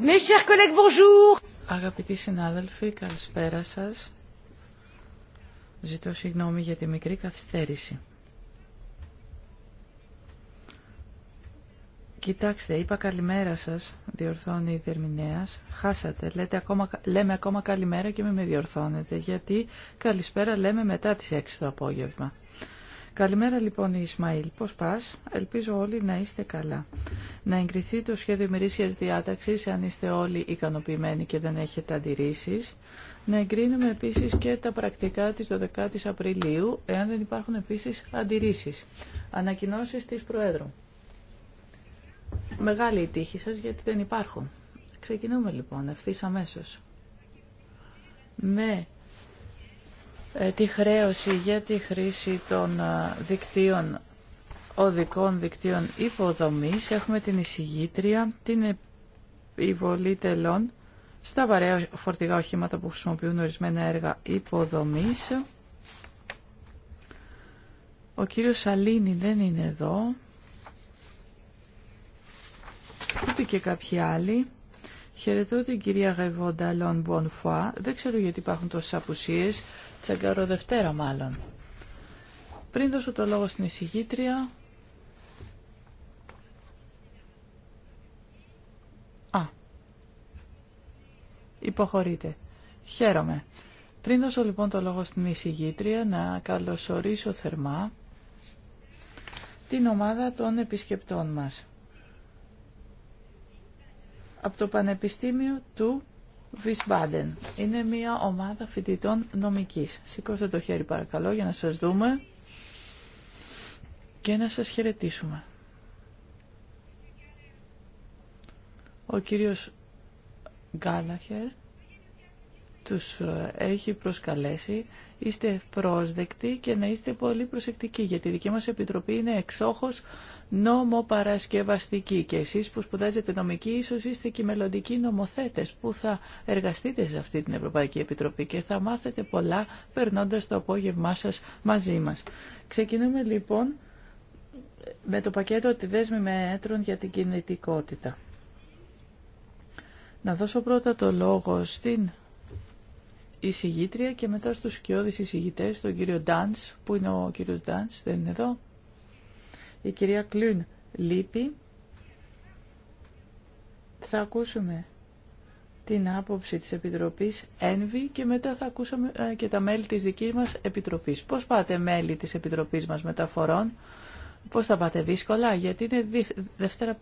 Mes chers collègues, bonjour. Αγαπητοί συνάδελφοι, καλησπέρα σας. Ζητώ συγγνώμη για τη μικρή καθυστέρηση. Κοιτάξτε, είπα καλημέρα σα, διορθώνει η Δερμηνέα. Χάσατε, λέτε ακόμα, λέμε ακόμα καλημέρα και με με διορθώνετε, γιατί καλησπέρα λέμε μετά τι 6 το απόγευμα. Καλημέρα λοιπόν Ισμαήλ, πώς πας, ελπίζω όλοι να είστε καλά. Να εγκριθεί το σχέδιο ημερήσια διάταξης, αν είστε όλοι ικανοποιημένοι και δεν έχετε αντιρρήσεις. Να εγκρίνουμε επίσης και τα πρακτικά της 12ης Απριλίου, εάν δεν υπάρχουν επίσης αντιρρήσεις. Ανακοινώσει τη Προέδρου. Μεγάλη η τύχη σας γιατί δεν υπάρχουν. Ξεκινούμε λοιπόν ευθύ αμέσω. Με ε, τη χρέωση για τη χρήση των ε, δικτύων οδικών δικτύων υποδομής έχουμε την εισηγήτρια, την επιβολή τελών στα βαρέα φορτηγά οχήματα που χρησιμοποιούν ορισμένα έργα υποδομής. Ο κύριος Σαλίνη δεν είναι εδώ ούτε και κάποιοι άλλοι. Χαιρετώ την κυρία Γαϊβόντα Λον Μπονφουά. Δεν ξέρω γιατί υπάρχουν τόσε απουσίε. Τσαγκαρό Δευτέρα μάλλον. Πριν δώσω το λόγο στην εισηγήτρια... Α, υποχωρείτε. Χαίρομαι. Πριν δώσω λοιπόν το λόγο στην εισηγήτρια να καλωσορίσω θερμά την ομάδα των επισκεπτών μας από το Πανεπιστήμιο του Βισμπάντεν. Είναι μια ομάδα φοιτητών νομικής. Σηκώστε το χέρι παρακαλώ για να σας δούμε και να σας χαιρετήσουμε. Ο κύριος Γκάλαχερ τους ε, έχει προσκαλέσει. Είστε πρόσδεκτοι και να είστε πολύ προσεκτικοί, γιατί η δική μας Επιτροπή είναι εξόχως νομοπαρασκευαστική και εσείς που σπουδάζετε νομική ίσως είστε και μελλοντικοί νομοθέτες που θα εργαστείτε σε αυτή την Ευρωπαϊκή Επιτροπή και θα μάθετε πολλά περνώντας το απόγευμά σας μαζί μας. Ξεκινούμε λοιπόν με το πακέτο τη δέσμη μέτρων για την κινητικότητα. Να δώσω πρώτα το λόγο στην εισηγήτρια και μετά στους σκιώδεις εισηγητές, τον κύριο Ντάνς, που είναι ο κύριος Ντάνς, δεν είναι εδώ. Η κυρία Κλούν λείπει. Θα ακούσουμε την άποψη της Επιτροπής Ένβη και μετά θα ακούσαμε ε, και τα μέλη της δικής μας Επιτροπής. Πώς πάτε μέλη της Επιτροπής μας Μεταφορών, πώς θα πάτε δύσκολα, γιατί είναι Δευτέρα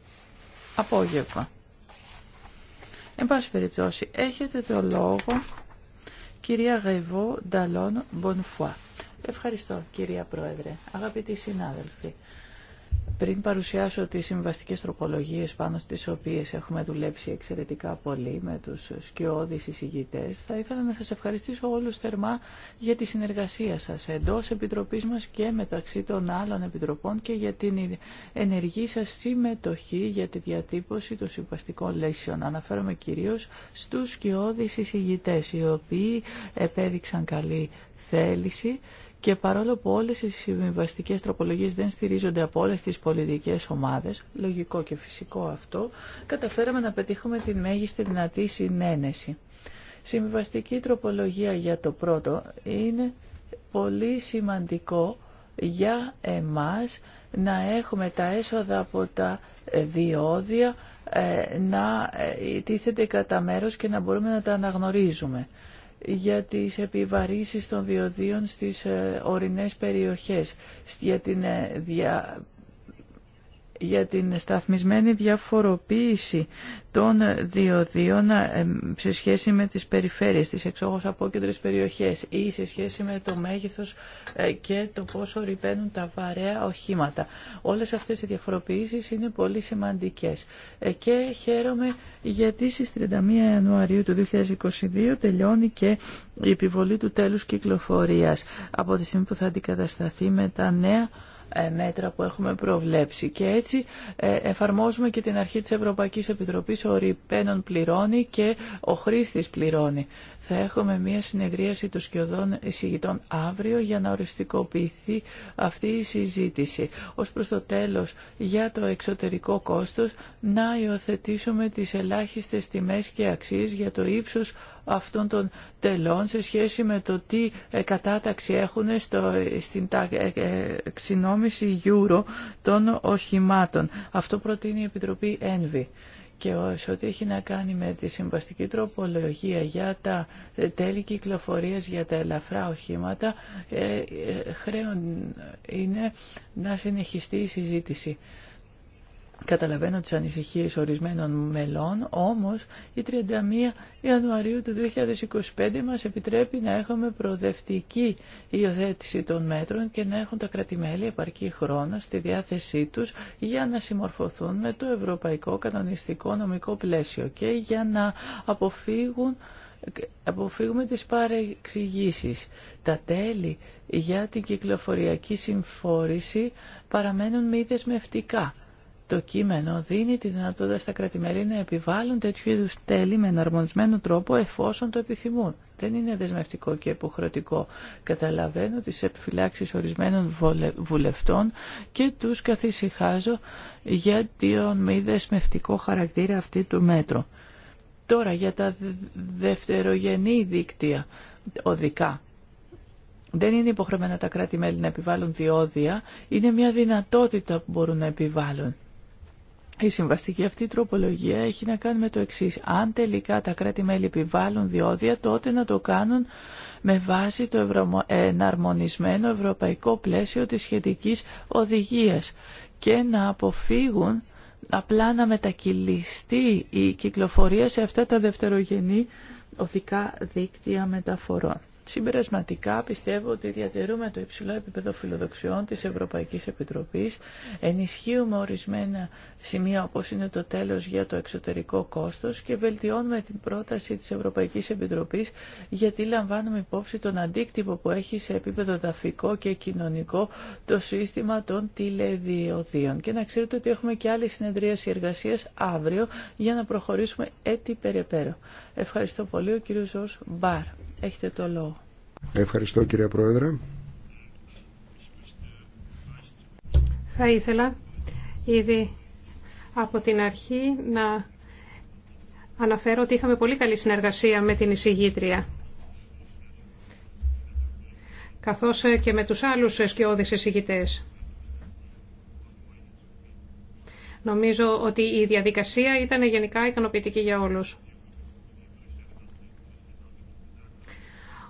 απόγευμα. Εν πάση περιπτώσει, έχετε το λόγο Κυρία Γαϊβό Νταλόν Μπονφουά. Ευχαριστώ κυρία Πρόεδρε, αγαπητοί συνάδελφοι. Πριν παρουσιάσω τις συμβαστικές τροπολογίες πάνω στις οποίες έχουμε δουλέψει εξαιρετικά πολύ με τους σκιώδεις εισηγητές, θα ήθελα να σας ευχαριστήσω όλους θερμά για τη συνεργασία σας εντός Επιτροπής μας και μεταξύ των άλλων Επιτροπών και για την ενεργή σας συμμετοχή για τη διατύπωση των συμβαστικών λέξεων. Αναφέρομαι κυρίως στους σκιώδεις εισηγητές, οι οποίοι επέδειξαν καλή θέληση και παρόλο που όλες οι συμβιβαστικές τροπολογίες δεν στηρίζονται από όλες τις πολιτικές ομάδες, λογικό και φυσικό αυτό, καταφέραμε να πετύχουμε την μέγιστη δυνατή συνένεση. Συμβιβαστική τροπολογία για το πρώτο είναι πολύ σημαντικό για εμάς να έχουμε τα έσοδα από τα διόδια ε, να ε, τίθεται κατά μέρος και να μπορούμε να τα αναγνωρίζουμε για τις επιβαρύσεις των διοδίων στις ε, ορεινές περιοχές, για την ε, για την σταθμισμένη διαφοροποίηση των διοδίων ε, σε σχέση με τις περιφέρειες, τις εξόγως απόκεντρες περιοχές ή σε σχέση με το μέγεθος ε, και το πόσο ρηπαίνουν τα βαρέα οχήματα. Όλες αυτές οι διαφοροποιήσεις είναι πολύ σημαντικές. Ε, και χαίρομαι γιατί στις 31 Ιανουαρίου του 2022 τελειώνει και η επιβολή του τέλους κυκλοφορίας από τη στιγμή που θα αντικατασταθεί με τα νέα ε, μέτρα που έχουμε προβλέψει. Και έτσι ε, εφαρμόζουμε και την αρχή της Ευρωπαϊκής Επιτροπής ο ρηπαίνων πληρώνει και ο χρήστης πληρώνει. Θα έχουμε μια συνεδρίαση των σκιωδών εισηγητών αύριο για να οριστικοποιηθεί αυτή η συζήτηση. Ως προς το τέλος για το εξωτερικό κόστος να υιοθετήσουμε τις ελάχιστες τιμές και αξίες για το ύψος αυτών των τελών σε σχέση με το τι ε, κατάταξη έχουν στο, στην ε, ε, ξυνόμηση γιούρο των οχημάτων. Αυτό προτείνει η Επιτροπή ΕΝΒΗ και σε ό,τι έχει να κάνει με τη συμβαστική τροπολογία για τα τέλη κυκλοφορία για τα ελαφρά οχήματα, χρέον είναι να συνεχιστεί η συζήτηση. Καταλαβαίνω τις ανησυχίες ορισμένων μελών, όμως η 31 Ιανουαρίου του 2025 μας επιτρέπει να έχουμε προοδευτική υιοθέτηση των μέτρων και να έχουν τα κρατημέλη επαρκή χρόνο στη διάθεσή τους για να συμμορφωθούν με το ευρωπαϊκό κανονιστικό νομικό πλαίσιο και για να αποφύγουν αποφύγουμε τις παρεξηγήσεις. Τα τέλη για την κυκλοφοριακή συμφόρηση παραμένουν μη δεσμευτικά το κείμενο δίνει τη δυνατότητα στα κρατημέλη να επιβάλλουν τέτοιου είδου τέλη με εναρμονισμένο τρόπο εφόσον το επιθυμούν. Δεν είναι δεσμευτικό και υποχρεωτικό. Καταλαβαίνω τις επιφυλάξεις ορισμένων βουλευτών και τους καθησυχάζω για τον μη δεσμευτικό χαρακτήρα αυτή του μέτρου. Τώρα για τα δευτερογενή δίκτυα οδικά. Δεν είναι υποχρεωμένα τα κράτη-μέλη να επιβάλλουν διόδια, είναι μια δυνατότητα που μπορούν να επιβάλλουν. Η συμβαστική αυτή τροπολογία έχει να κάνει με το εξή. Αν τελικά τα κράτη-μέλη επιβάλλουν διόδια, τότε να το κάνουν με βάση το εναρμονισμένο ευρωπαϊκό πλαίσιο της σχετικής οδηγίας και να αποφύγουν απλά να μετακυλιστεί η κυκλοφορία σε αυτά τα δευτερογενή οδικά δίκτυα μεταφορών. Συμπερασματικά πιστεύω ότι διατηρούμε το υψηλό επίπεδο φιλοδοξιών της Ευρωπαϊκής Επιτροπής, ενισχύουμε ορισμένα σημεία όπως είναι το τέλος για το εξωτερικό κόστος και βελτιώνουμε την πρόταση της Ευρωπαϊκής Επιτροπής γιατί λαμβάνουμε υπόψη τον αντίκτυπο που έχει σε επίπεδο δαφικό και κοινωνικό το σύστημα των τηλεδιοδίων. Και να ξέρετε ότι έχουμε και άλλη συνεδρίαση εργασίας αύριο για να προχωρήσουμε έτσι περαιπέρα. Ευχαριστώ πολύ ο κύριος Ζος Μπάρ. Έχετε το λόγο. Ευχαριστώ κυρία Πρόεδρε. Θα ήθελα ήδη από την αρχή να αναφέρω ότι είχαμε πολύ καλή συνεργασία με την εισηγήτρια καθώς και με τους άλλους σκιώδεις εισηγητές. Νομίζω ότι η διαδικασία ήταν γενικά ικανοποιητική για όλους.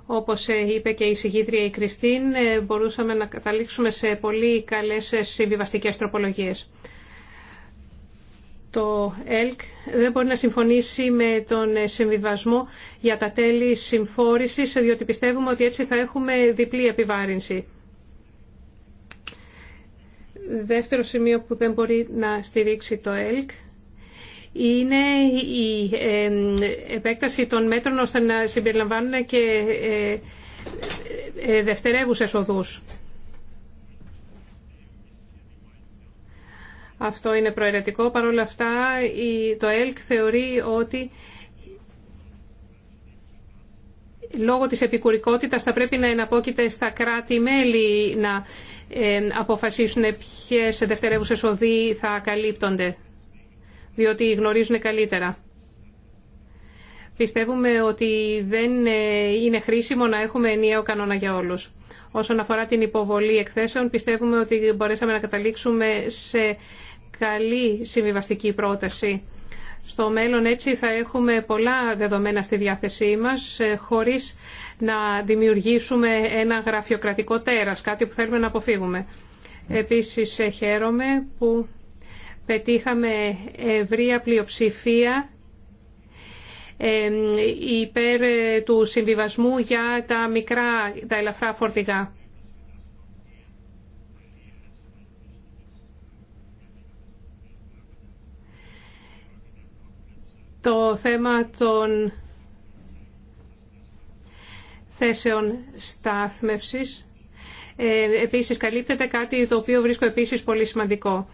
Όπως ε, είπε και η συγγήτρια η Κριστίν, ε, μπορούσαμε να καταλήξουμε σε πολύ καλές ε, συμβιβαστικές τροπολογίες. Το ΕΛΚ δεν μπορεί να συμφωνήσει με τον συμβιβασμό για τα τέλη συμφόρησης, διότι πιστεύουμε ότι έτσι θα έχουμε διπλή επιβάρυνση. Δεύτερο σημείο που δεν μπορεί να στηρίξει το ΕΛΚ είναι η επέκταση των μέτρων ώστε να συμπεριλαμβάνουν και ε, ε, ε, δευτερεύουσες οδούς. Αυτό είναι προαιρετικό. Παρ' όλα αυτά το ΕΛΚ θεωρεί ότι λόγω της επικουρικότητας θα πρέπει να εναπόκειται στα κράτη-μέλη να αποφασίσουν ποιες δευτερεύουσες οδοί θα καλύπτονται διότι γνωρίζουν καλύτερα. Πιστεύουμε ότι δεν ε, είναι χρήσιμο να έχουμε ενιαίο κανόνα για όλους. Όσον αφορά την υποβολή εκθέσεων, πιστεύουμε ότι μπορέσαμε να καταλήξουμε σε καλή συμβιβαστική πρόταση. Στο μέλλον έτσι θα έχουμε πολλά δεδομένα στη διάθεσή μας ε, χωρίς να δημιουργήσουμε ένα γραφειοκρατικό τέρας, κάτι που θέλουμε να αποφύγουμε. Επίσης ε, χαίρομαι που πετύχαμε ευρεία πλειοψηφία υπέρ ε, του συμβιβασμού για τα μικρά, τα ελαφρά φορτηγά. Το θέμα των θέσεων στάθμευσης ε, επίσης καλύπτεται κάτι το οποίο βρίσκω επίσης πολύ σημαντικό.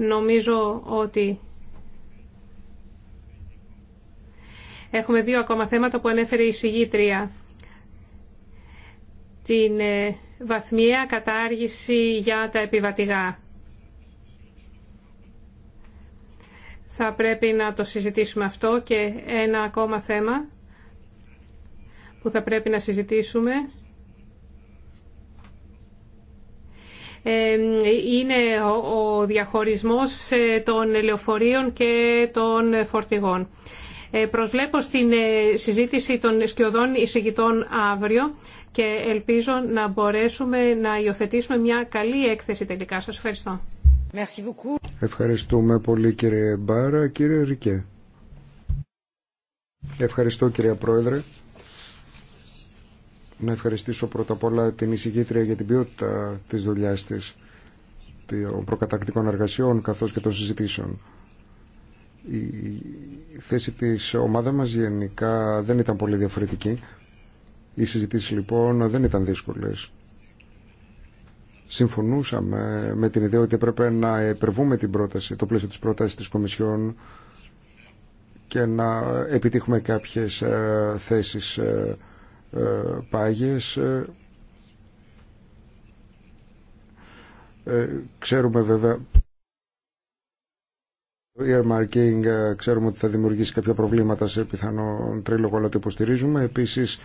Νομίζω ότι έχουμε δύο ακόμα θέματα που ανέφερε η συγγήτρια. Την ε, βαθμιαία κατάργηση για τα επιβατηγά. Θα πρέπει να το συζητήσουμε αυτό και ένα ακόμα θέμα που θα πρέπει να συζητήσουμε είναι ο διαχωρισμός ε, των λεωφορείων και των φορτηγών. Ε, προσβλέπω στην ε, συζήτηση των σκιωδών εισηγητών αύριο και ελπίζω να μπορέσουμε να υιοθετήσουμε μια καλή έκθεση τελικά. Σας ευχαριστώ. Ευχαριστούμε πολύ κύριε Μπάρα. Κύριε Ρικέ. Ευχαριστώ κύριε Πρόεδρε να ευχαριστήσω πρώτα απ' όλα την εισηγήτρια για την ποιότητα της δουλειάς της, των προκατακτικών εργασιών καθώς και των συζητήσεων. Η θέση της ομάδα μας γενικά δεν ήταν πολύ διαφορετική. Οι συζητήσεις λοιπόν δεν ήταν δύσκολες. Συμφωνούσαμε με την ιδέα ότι έπρεπε να επερβούμε την πρόταση, το πλαίσιο της πρότασης της Κομισιόν και να επιτύχουμε κάποιες ε, θέσεις ε, ε, ε, ε, Ξέρουμε βέβαια το earmarking ε, ξέρουμε ότι θα δημιουργήσει κάποια προβλήματα σε πιθανό τρίλογο, αλλά το υποστηρίζουμε. Επίσης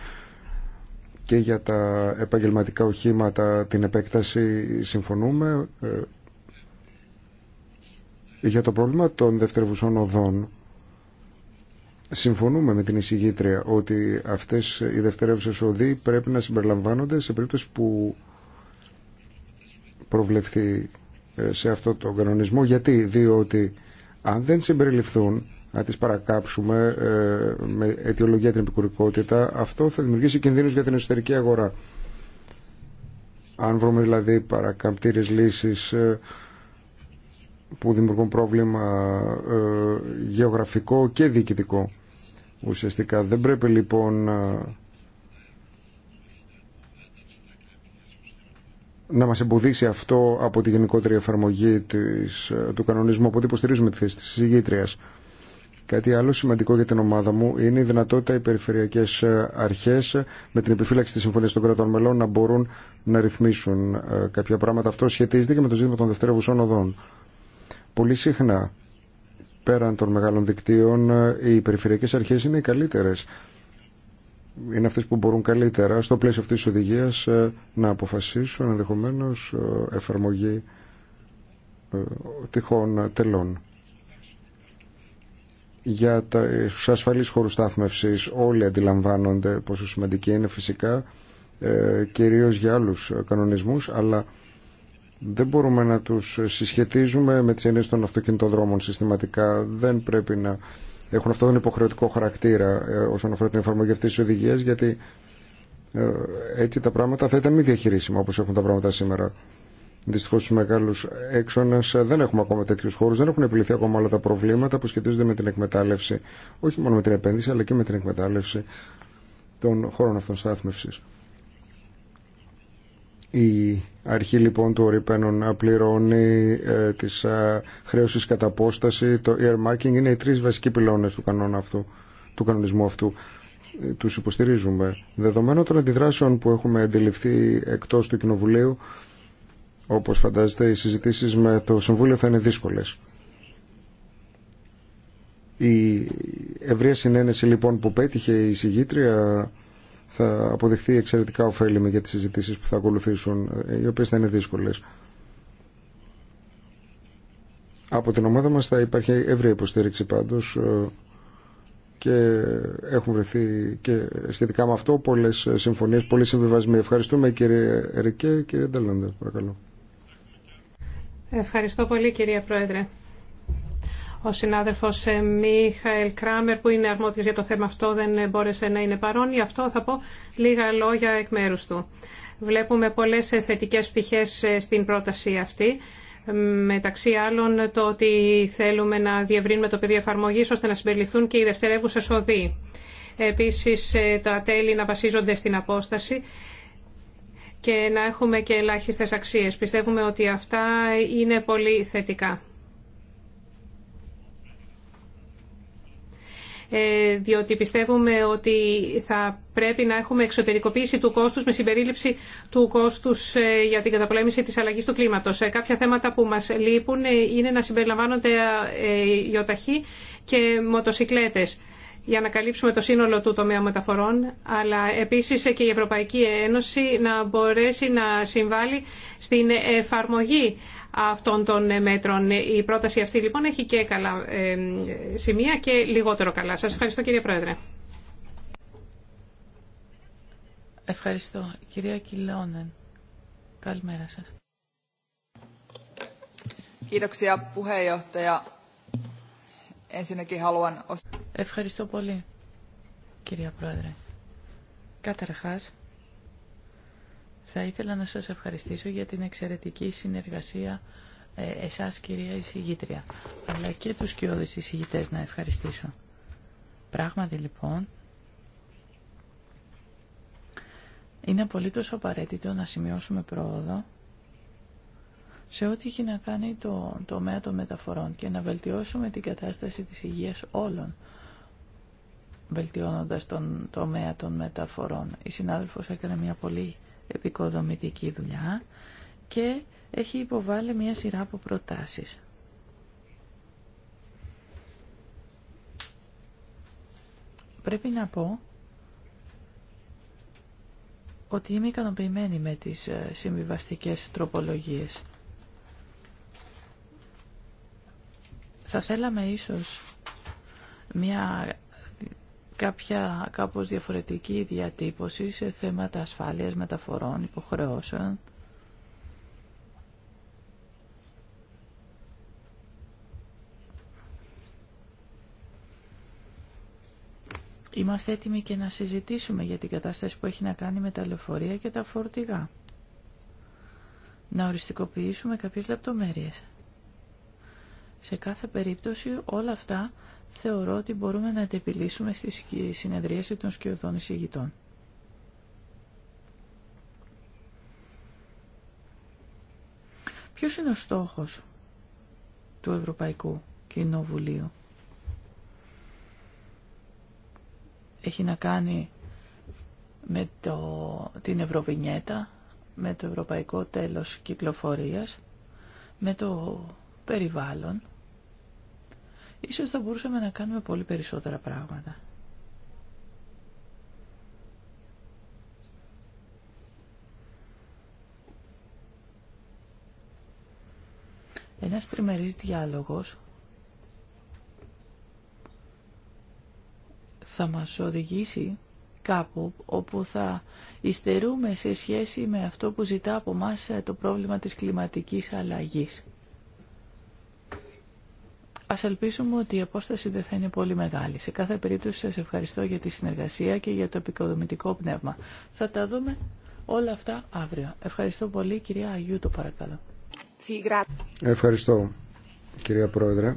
και για τα επαγγελματικά οχήματα την επέκταση συμφωνούμε. Για το πρόβλημα των δευτερευουσών οδών Συμφωνούμε με την εισηγήτρια ότι αυτές οι δευτερεύουσες οδοί πρέπει να συμπεριλαμβάνονται σε περίπτωση που προβλεφθεί ε, σε αυτό το κανονισμό. Γιατί, διότι αν δεν συμπεριληφθούν, να τις παρακάψουμε ε, με αιτιολογία την επικουρικότητα, αυτό θα δημιουργήσει κινδύνους για την εσωτερική αγορά. Αν βρούμε δηλαδή παρακαμπτήρες λύσεις ε, που δημιουργούν πρόβλημα ε, γεωγραφικό και διοικητικό ουσιαστικά. Δεν πρέπει λοιπόν ε, να μας εμποδίσει αυτό από τη γενικότερη εφαρμογή της, ε, του κανονισμού από ότι υποστηρίζουμε τη θέση της συζυγήτριας. Κάτι άλλο σημαντικό για την ομάδα μου είναι η δυνατότητα οι περιφερειακέ αρχέ με την επιφύλαξη τη Συμφωνία των Κρατών Μελών να μπορούν να ρυθμίσουν κάποια πράγματα. Αυτό σχετίζεται και με το ζήτημα των δευτερεύουσων οδών. Πολύ συχνά, πέραν των μεγάλων δικτύων, ε, οι περιφερειακές αρχές είναι οι καλύτερες. Είναι αυτές που μπορούν καλύτερα στο πλαίσιο αυτής της οδηγίας ε, να αποφασίσουν ενδεχομένω ε, εφαρμογή τυχών τελών για τα ασφαλείς χώρους στάθμευσης όλοι αντιλαμβάνονται πόσο σημαντική είναι φυσικά κυρίως για άλλους κανονισμούς αλλά δεν μπορούμε να τους συσχετίζουμε με τις έννοιες των αυτοκινητοδρόμων συστηματικά. Δεν πρέπει να έχουν αυτόν τον υποχρεωτικό χαρακτήρα ε, όσον αφορά την εφαρμογή αυτής της οδηγίας γιατί ε, έτσι τα πράγματα θα ήταν μη διαχειρίσιμα όπως έχουν τα πράγματα σήμερα. Δυστυχώ στου μεγάλου έξονε ε, δεν έχουμε ακόμα τέτοιου χώρου, δεν έχουν επιληθεί ακόμα όλα τα προβλήματα που σχετίζονται με την εκμετάλλευση, όχι μόνο με την επένδυση, αλλά και με την εκμετάλλευση των χώρων αυτών στάθμευση. Η αρχή λοιπόν του να πληρώνει ε, της ε, κατά απόσταση. Το earmarking είναι οι τρεις βασικοί πυλώνες του, κανόνα αυτού, του κανονισμού αυτού. Ε, τους υποστηρίζουμε. Δεδομένου των αντιδράσεων που έχουμε αντιληφθεί εκτός του Κοινοβουλίου, όπως φαντάζεστε, οι συζητήσεις με το Συμβούλιο θα είναι δύσκολες. Η ευρεία συνένεση λοιπόν που πέτυχε η συγγήτρια θα αποδειχθεί εξαιρετικά ωφέλιμη για τις συζητήσεις που θα ακολουθήσουν, ε, οι οποίες θα είναι δύσκολες. Από την ομάδα μας θα υπάρχει ευρία υποστήριξη πάντως ε, και έχουν βρεθεί και σχετικά με αυτό πολλές ε, συμφωνίες, πολλοί συμβιβασμοί. Ευχαριστούμε κύριε Ερικέ, κύριε Ντελάντερ, παρακαλώ. Ευχαριστώ πολύ κυρία Πρόεδρε. Ο συνάδελφος ε, Μίχαελ Κράμερ που είναι αρμόδιος για το θέμα αυτό δεν μπόρεσε να είναι παρόν. Γι' αυτό θα πω λίγα λόγια εκ μέρους του. Βλέπουμε πολλές ε, θετικές πτυχές ε, στην πρόταση αυτή. Μεταξύ άλλων το ότι θέλουμε να διευρύνουμε το πεδίο εφαρμογή ώστε να συμπεριληφθούν και οι δευτερεύουσε οδοί. Επίσης τα τέλη να βασίζονται στην απόσταση και να έχουμε και ελάχιστε αξίε. Πιστεύουμε ότι αυτά είναι πολύ θετικά. Ε, διότι πιστεύουμε ότι θα πρέπει να έχουμε εξωτερικοποίηση του κόστους με συμπερίληψη του κόστους ε, για την καταπολέμηση της αλλαγής του κλίματος. Ε, κάποια θέματα που μας λείπουν είναι να συμπεριλαμβάνονται ιοταχή και μοτοσικλέτες για να καλύψουμε το σύνολο του τομέα μεταφορών, αλλά επίσης και η Ευρωπαϊκή Ένωση να μπορέσει να συμβάλλει στην εφαρμογή αυτών των ε, μέτρων. Η πρόταση αυτή λοιπόν έχει και καλά ε, σημεία και λιγότερο καλά. Σας ευχαριστώ κύριε Πρόεδρε. Ευχαριστώ. Κυρία Κιλόνεν, καλημέρα σας. Ευχαριστώ πολύ, κυρία Πρόεδρε. Καταρχάς, θα ήθελα να σας ευχαριστήσω για την εξαιρετική συνεργασία ε, εσάς κυρία εισηγήτρια, αλλά και τους κοιόδες εισηγητές να ευχαριστήσω. Πράγματι λοιπόν, είναι απολύτως απαραίτητο να σημειώσουμε πρόοδο σε ό,τι έχει να κάνει το τομέα των μεταφορών και να βελτιώσουμε την κατάσταση της υγείας όλων βελτιώνοντας τον τομέα των μεταφορών. Η συνάδελφος έκανε μια πολύ επικοδομητική δουλειά και έχει υποβάλει μια σειρά από προτάσεις. Πρέπει να πω ότι είμαι ικανοποιημένη με τις ε, συμβιβαστικές τροπολογίες. Θα θέλαμε ίσως μια κάποια κάπως διαφορετική διατύπωση σε θέματα ασφάλειας, μεταφορών, υποχρεώσεων. Είμαστε έτοιμοι και να συζητήσουμε για την κατάσταση που έχει να κάνει με τα λεωφορεία και τα φορτηγά. Να οριστικοποιήσουμε κάποιες λεπτομέρειες. Σε κάθε περίπτωση όλα αυτά θεωρώ ότι μπορούμε να τα στη συνεδρίαση των σκιωδών εισηγητών. Ποιος είναι ο στόχος του Ευρωπαϊκού Κοινοβουλίου. Έχει να κάνει με το, την Ευρωβινιέτα, με το Ευρωπαϊκό Τέλος Κυκλοφορίας, με το περιβάλλον, Ίσως θα μπορούσαμε να κάνουμε πολύ περισσότερα πράγματα. Ένας τριμερής διάλογος θα μας οδηγήσει κάπου όπου θα υστερούμε σε σχέση με αυτό που ζητά από μας το πρόβλημα της κλιματικής αλλαγής. Ας ελπίσουμε ότι η απόσταση δεν θα είναι πολύ μεγάλη. Σε κάθε περίπτωση σας ευχαριστώ για τη συνεργασία και για το επικοδομητικό πνεύμα. Θα τα δούμε όλα αυτά αύριο. Ευχαριστώ πολύ κυρία Αγίου το παρακαλώ. Ευχαριστώ κυρία Πρόεδρε.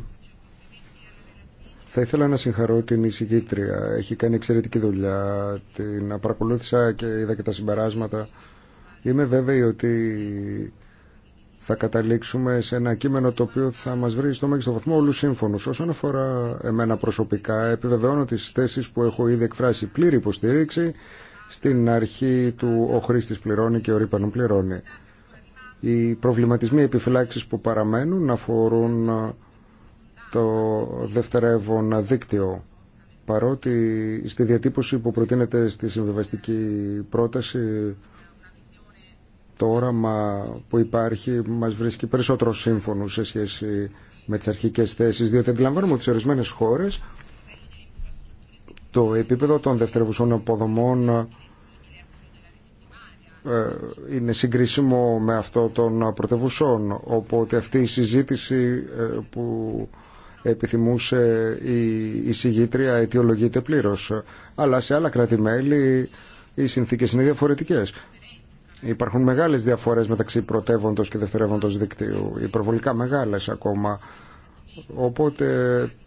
Θα ήθελα να συγχαρώ την εισηγήτρια. Έχει κάνει εξαιρετική δουλειά. Την παρακολούθησα και είδα και τα συμπεράσματα. Είμαι βέβαιη ότι θα καταλήξουμε σε ένα κείμενο το οποίο θα μας βρει στο μέγιστο βαθμό όλους σύμφωνους. Όσον αφορά εμένα προσωπικά, επιβεβαιώνω τις θέσεις που έχω ήδη εκφράσει πλήρη υποστήριξη στην αρχή του «Ο χρήστης πληρώνει και ο ρήπανον πληρώνει». Οι προβληματισμοί επιφυλάξεις που παραμένουν αφορούν το δευτερεύον δίκτυο. Παρότι στη διατύπωση που προτείνεται στη συμβιβαστική πρόταση το όραμα που υπάρχει μας βρίσκει περισσότερο σύμφωνο σε σχέση με τις αρχικές θέσεις, διότι αντιλαμβάνουμε ότι σε ορισμένε χώρες το επίπεδο των δευτερευουσών αποδομών ε, είναι συγκρίσιμο με αυτό των πρωτευουσών, οπότε αυτή η συζήτηση ε, που επιθυμούσε η εισηγήτρια αιτιολογείται πλήρως. Αλλά σε άλλα κράτη-μέλη οι συνθήκες είναι διαφορετικές. Υπάρχουν μεγάλες διαφορές μεταξύ πρωτεύοντος και δευτερεύοντος δικτύου, υπερβολικά μεγάλες ακόμα. Οπότε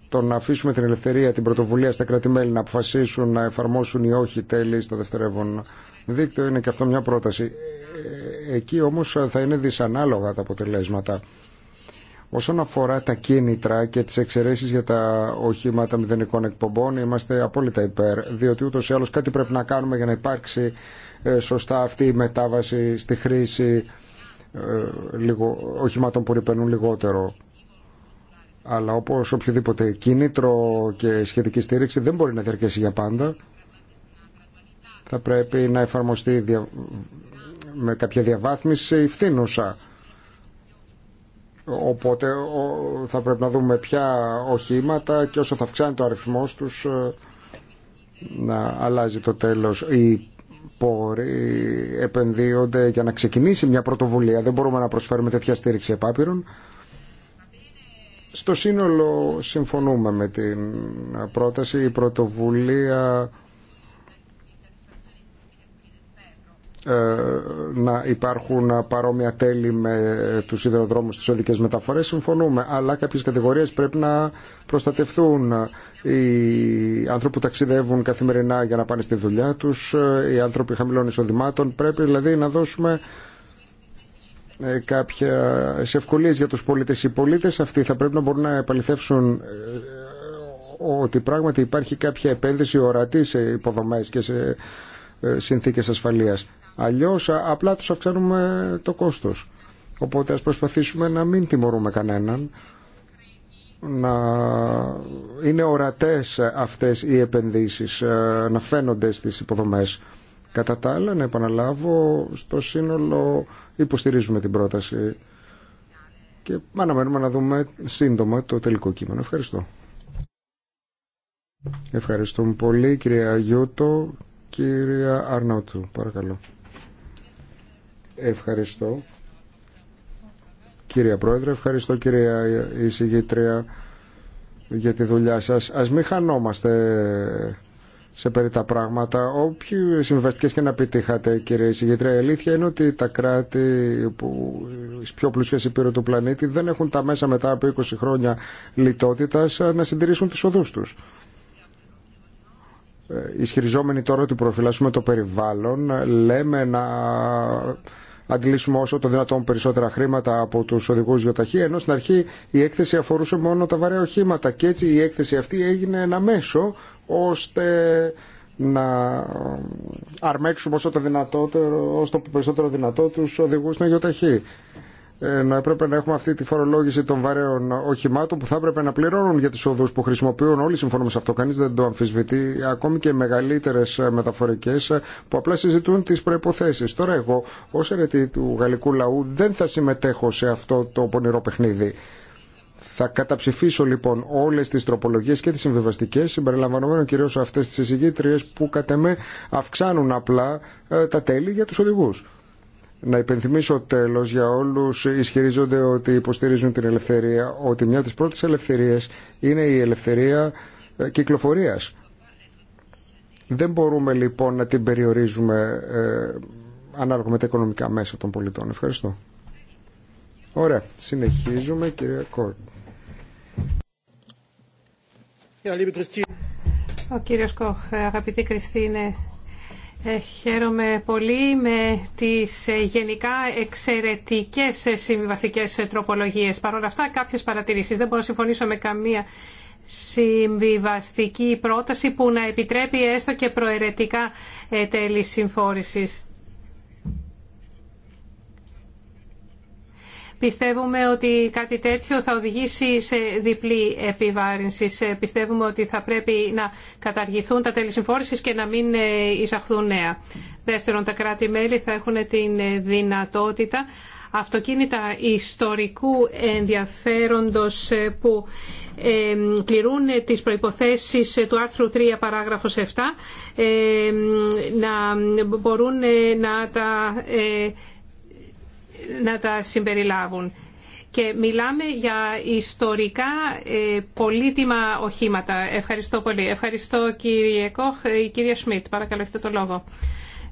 το να αφήσουμε την ελευθερία, την πρωτοβουλία στα κράτη-μέλη να αποφασίσουν να εφαρμόσουν ή όχι τέλη στο δευτερεύον δίκτυο είναι και αυτό μια πρόταση. Ε, εκεί όμως θα είναι δυσανάλογα τα αποτελέσματα. Όσον αφορά τα κίνητρα και τις εξαιρέσει για τα οχήματα μηδενικών εκπομπών, είμαστε απόλυτα υπέρ, διότι ούτως ή άλλως κάτι πρέπει να κάνουμε για να υπάρξει ε, σωστά αυτή η μετάβαση στη χρήση ε, λίγο, οχημάτων που ρηπαίνουν λιγότερο. Αλλά όπως οποιοδήποτε κίνητρο και σχετική στήριξη δεν μπορεί να διαρκέσει για πάντα. Θα πρέπει να εφαρμοστεί δια... με κάποια διαβάθμιση ευθύνουσα. Οπότε θα πρέπει να δούμε ποια οχήματα και όσο θα αυξάνει το αριθμός τους ε, να αλλάζει το τέλος. Η πόροι επενδύονται για να ξεκινήσει μια πρωτοβουλία. Δεν μπορούμε να προσφέρουμε τέτοια στήριξη επάπειρων. Στο σύνολο συμφωνούμε με την πρόταση. Η πρωτοβουλία Ε, να υπάρχουν παρόμοια τέλη με του σιδηροδρόμου στι οδικέ μεταφορέ. Συμφωνούμε. Αλλά κάποιε κατηγορίε πρέπει να προστατευτούν. Οι άνθρωποι που ταξιδεύουν καθημερινά για να πάνε στη δουλειά του, οι άνθρωποι χαμηλών εισοδημάτων. Πρέπει δηλαδή να δώσουμε ε, κάποια ευκολίε για τους πολίτες. Οι πολίτες αυτοί θα πρέπει να μπορούν να επαληθεύσουν ε, ότι πράγματι υπάρχει κάποια επένδυση ορατή σε υποδομές και σε συνθήκες ασφαλείας. Αλλιώς απλά τους αυξάνουμε το κόστος. Οπότε ας προσπαθήσουμε να μην τιμωρούμε κανέναν, να είναι ορατές αυτές οι επενδύσεις, να φαίνονται στις υποδομές. Κατά τα άλλα, να επαναλάβω, στο σύνολο υποστηρίζουμε την πρόταση και αναμένουμε να δούμε σύντομα το τελικό κείμενο. Ευχαριστώ. Ευχαριστούμε πολύ κυρία Γιώτο, κυρία Αρνότου, παρακαλώ. Ευχαριστώ. Κύριε Πρόεδρε, ευχαριστώ κυρία εισηγήτρια για τη δουλειά σας. Ας μην χανόμαστε σε περί τα πράγματα. Όποιοι συμβαστικές και να πετύχατε κύριε εισηγήτρια, η αλήθεια είναι ότι τα κράτη που στις πιο πλουσιές υπήρου του πλανήτη δεν έχουν τα μέσα μετά από 20 χρόνια λιτότητας να συντηρήσουν τις οδούς τους ε, ισχυριζόμενοι τώρα ότι προφυλάσσουμε το περιβάλλον λέμε να αντλήσουμε όσο το δυνατόν περισσότερα χρήματα από του οδηγού γιοταχή, ενώ στην αρχή η έκθεση αφορούσε μόνο τα βαρέα οχήματα. Και έτσι η έκθεση αυτή έγινε ένα μέσο ώστε να αρμέξουμε όσο το, δυνατότερο, περισσότερο δυνατό του οδηγού στην γιοταχή. Ε, να έπρεπε να έχουμε αυτή τη φορολόγηση των βαρέων οχημάτων που θα έπρεπε να πληρώνουν για τις οδούς που χρησιμοποιούν όλοι συμφωνούμε σε αυτό, κανείς δεν το αμφισβητεί ακόμη και μεγαλύτερες ε, μεταφορικές ε, που απλά συζητούν τις προϋποθέσεις τώρα εγώ ως αιρετή του γαλλικού λαού δεν θα συμμετέχω σε αυτό το πονηρό παιχνίδι θα καταψηφίσω λοιπόν όλες τις τροπολογίες και τις συμβιβαστικές συμπεριλαμβανομένων κυρίως αυτές τις εισηγήτριες που κατ' εμέ αυξάνουν απλά τα τέλη για τους οδηγούς. Να υπενθυμίσω τέλο για όλου ισχυρίζονται ότι υποστηρίζουν την ελευθερία, ότι μια τη πρώτη ελευθερίε είναι η ελευθερία ε, κυκλοφορία. Δεν μπορούμε λοιπόν να την περιορίζουμε ε, ανάλογα με τα οικονομικά μέσα των πολιτών. Ευχαριστώ. Ωραία. Συνεχίζουμε, κυρία Κόρντ. Ο κύριος Κοχ, αγαπητή Κριστίνε, ε, χαίρομαι πολύ με τις ε, γενικά εξαιρετικές ε, συμβιβαστικές τροπολογίες. Παρ' όλα αυτά κάποιες παρατηρήσεις. Δεν μπορώ να συμφωνήσω με καμία συμβιβαστική πρόταση που να επιτρέπει έστω και προαιρετικά τέλη συμφόρησης. Πιστεύουμε ότι κάτι τέτοιο θα οδηγήσει σε διπλή επιβάρυνση. Πιστεύουμε ότι θα πρέπει να καταργηθούν τα τέλη συμφόρηση και να μην ε, εισαχθούν νέα. Δεύτερον, τα κράτη-μέλη θα έχουν την ε, δυνατότητα αυτοκίνητα ιστορικού ενδιαφέροντος ε, που πληρούν τις προϋποθέσεις του άρθρου 3 παράγραφος 7 να μπορούν να τα να τα συμπεριλάβουν. Και μιλάμε για ιστορικά ε, πολύτιμα οχήματα. Ευχαριστώ πολύ. Ευχαριστώ κύριε Κόχ. Κύριε Σμιτ, παρακαλώ έχετε το λόγο.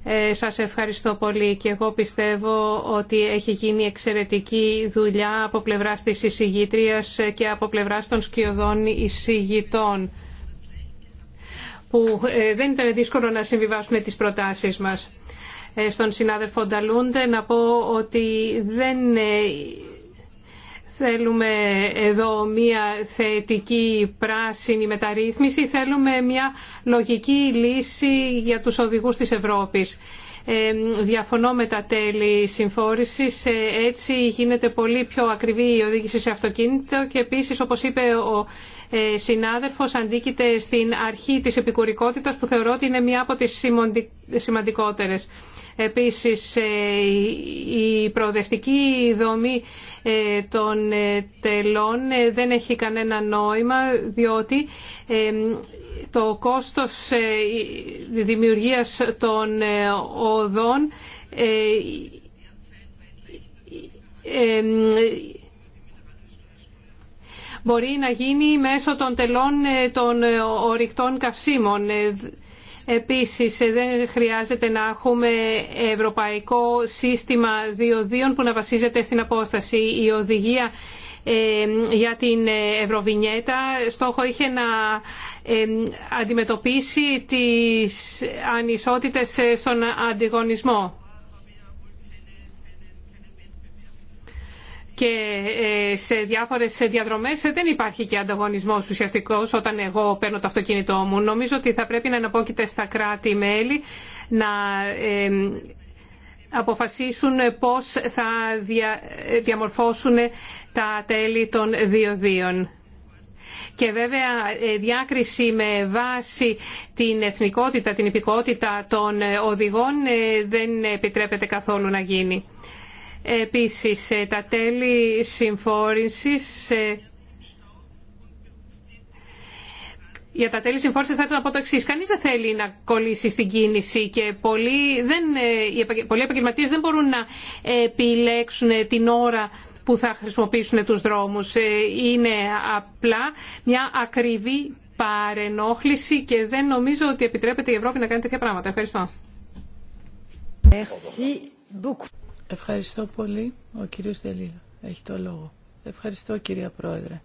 Ε, σας ευχαριστώ πολύ και εγώ πιστεύω ότι έχει γίνει εξαιρετική δουλειά από πλευράς της εισηγήτριας και από πλευράς των σκιωδών εισηγητών που ε, δεν ήταν δύσκολο να συμβιβάσουμε τις προτάσεις μας. Ε, στον συνάδελφο Νταλούντε να πω ότι δεν ε, θέλουμε εδώ μια θετική πράσινη μεταρρύθμιση, θέλουμε μια λογική λύση για τους οδηγούς της Ευρώπης. Ε, διαφωνώ με τα τέλη συμφόρησης. Έτσι γίνεται πολύ πιο ακριβή η οδήγηση σε αυτοκίνητο και επίσης, όπως είπε ο συνάδελφος, αντίκειται στην αρχή της επικουρικότητας που θεωρώ ότι είναι μία από τις σημαντικότερες. Επίσης, ε, η προοδευτική δομή ε, των ε, τελών δεν έχει κανένα νόημα, διότι το κόστος δημιουργίας των οδών μπορεί να γίνει μέσω των τελών των ορυκτών καυσίμων. Επίσης, ε, δεν χρειάζεται να έχουμε ευρωπαϊκό σύστημα διοδίων που να βασίζεται στην απόσταση. Η οδηγία ε, για την ε, Ευρωβινιέτα στόχο είχε να αντιμετωπίσει τις ανισότητες στον αντιγωνισμό. και ε, σε διάφορες διαδρομές δεν υπάρχει και ανταγωνισμός ουσιαστικός όταν εγώ παίρνω το αυτοκίνητό μου. Νομίζω ότι θα πρέπει να αναπόκειται στα κράτη-μέλη να ε, αποφασίσουν πώς θα διαμορφώσουν τα τέλη των διοδίων. Και βέβαια ε, διάκριση με βάση την εθνικότητα, την υπηκότητα των οδηγών δεν επιτρέπεται καθόλου να γίνει. Επίσης, ε, τα τέλη συμφόρησης... Ε, για τα τέλη συμφόρηση θα ήθελα να πω το εξή. Κανεί δεν θέλει να κολλήσει στην κίνηση και πολλοί, δεν, ε, πολλοί επαγγελματίε δεν μπορούν να επιλέξουν την ώρα που θα χρησιμοποιήσουν τους δρόμους. Είναι απλά μια ακριβή παρενόχληση και δεν νομίζω ότι επιτρέπεται η Ευρώπη να κάνει τέτοια πράγματα. Ευχαριστώ. Ευχαριστώ πολύ. Ο κύριος Δελίλα έχει το λόγο. Ευχαριστώ κυρία Πρόεδρε.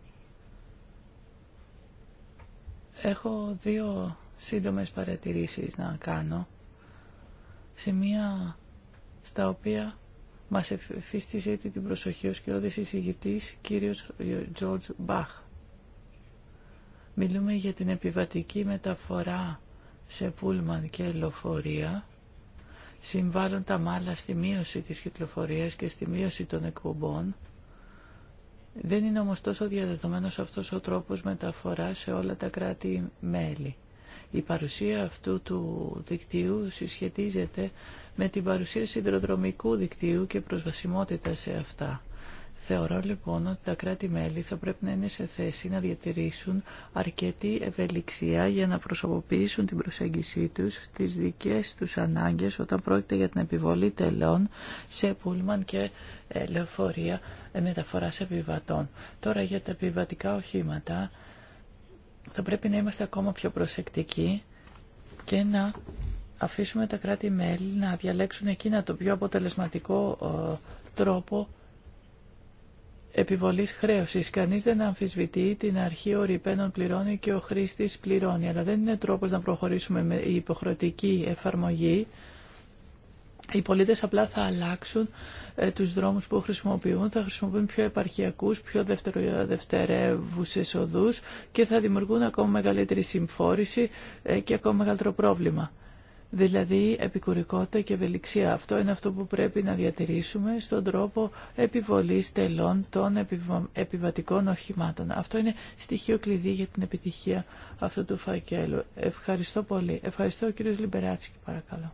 Έχω δύο σύντομες παρατηρήσεις να κάνω. Σημεία στα οποία μας εφίστησε την προσοχή ως και εισηγητής κύριος Τζόρτζ Μπαχ. Μιλούμε για την επιβατική μεταφορά σε πούλμαν και ελοφορία συμβάλλουν τα μάλλα στη μείωση της κυκλοφορίας και στη μείωση των εκπομπών. Δεν είναι όμως τόσο διαδεδομένος αυτός ο τρόπος μεταφοράς σε όλα τα κράτη-μέλη. Η παρουσία αυτού του δικτύου συσχετίζεται με την παρουσία συνδροδρομικού δικτύου και προσβασιμότητα σε αυτά. Θεωρώ λοιπόν ότι τα κράτη-μέλη θα πρέπει να είναι σε θέση να διατηρήσουν αρκετή ευελιξία για να προσωποποιήσουν την προσέγγισή τους στις δικές τους ανάγκες όταν πρόκειται για την επιβολή τελών σε πούλμαν και ε, λεωφορεία ε, μεταφοράς επιβατών. Τώρα για τα επιβατικά οχήματα θα πρέπει να είμαστε ακόμα πιο προσεκτικοί και να αφήσουμε τα κράτη-μέλη να διαλέξουν εκείνα το πιο αποτελεσματικό ε, τρόπο επιβολής χρέωσης. Κανείς δεν αμφισβητεί την αρχή ο ρηπαίνων πληρώνει και ο χρήστης πληρώνει. Αλλά δεν είναι τρόπος να προχωρήσουμε με υποχρεωτική εφαρμογή. Οι πολίτες απλά θα αλλάξουν ε, τους δρόμους που χρησιμοποιούν, θα χρησιμοποιούν πιο επαρχιακούς, πιο δευτερεύουσε οδούς και θα δημιουργούν ακόμα μεγαλύτερη συμφόρηση ε, και ακόμα μεγαλύτερο πρόβλημα. Δηλαδή επικουρικότητα και ευελιξία. Αυτό είναι αυτό που πρέπει να διατηρήσουμε στον τρόπο επιβολής τελών των επιβατικών οχημάτων. Αυτό είναι στοιχείο κλειδί για την επιτυχία αυτού του φακέλου. Ευχαριστώ πολύ. Ευχαριστώ κύριος Λιμπεράτσικη παρακαλώ.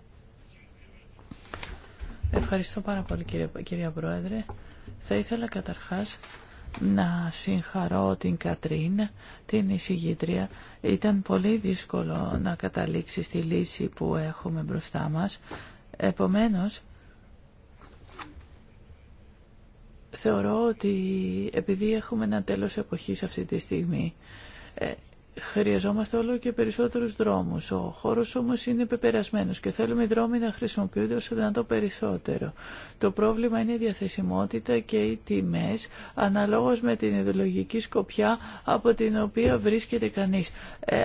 Ευχαριστώ πάρα πολύ κύριε, Πρόεδρε. Θα ήθελα καταρχάς να συγχαρώ την Κατρίν, την εισηγήτρια, ήταν πολύ δύσκολο να καταλήξει στη λύση που έχουμε μπροστά μας. Επομένως, θεωρώ ότι επειδή έχουμε ένα τέλος εποχής αυτή τη στιγμή, ε, Χρειαζόμαστε όλο και περισσότερους δρόμους. Ο χώρος όμως είναι πεπερασμένος και θέλουμε οι δρόμοι να χρησιμοποιούνται όσο δυνατό περισσότερο. Το πρόβλημα είναι η διαθεσιμότητα και οι τιμές αναλόγως με την ιδεολογική σκοπιά από την οποία βρίσκεται κανείς. Ε,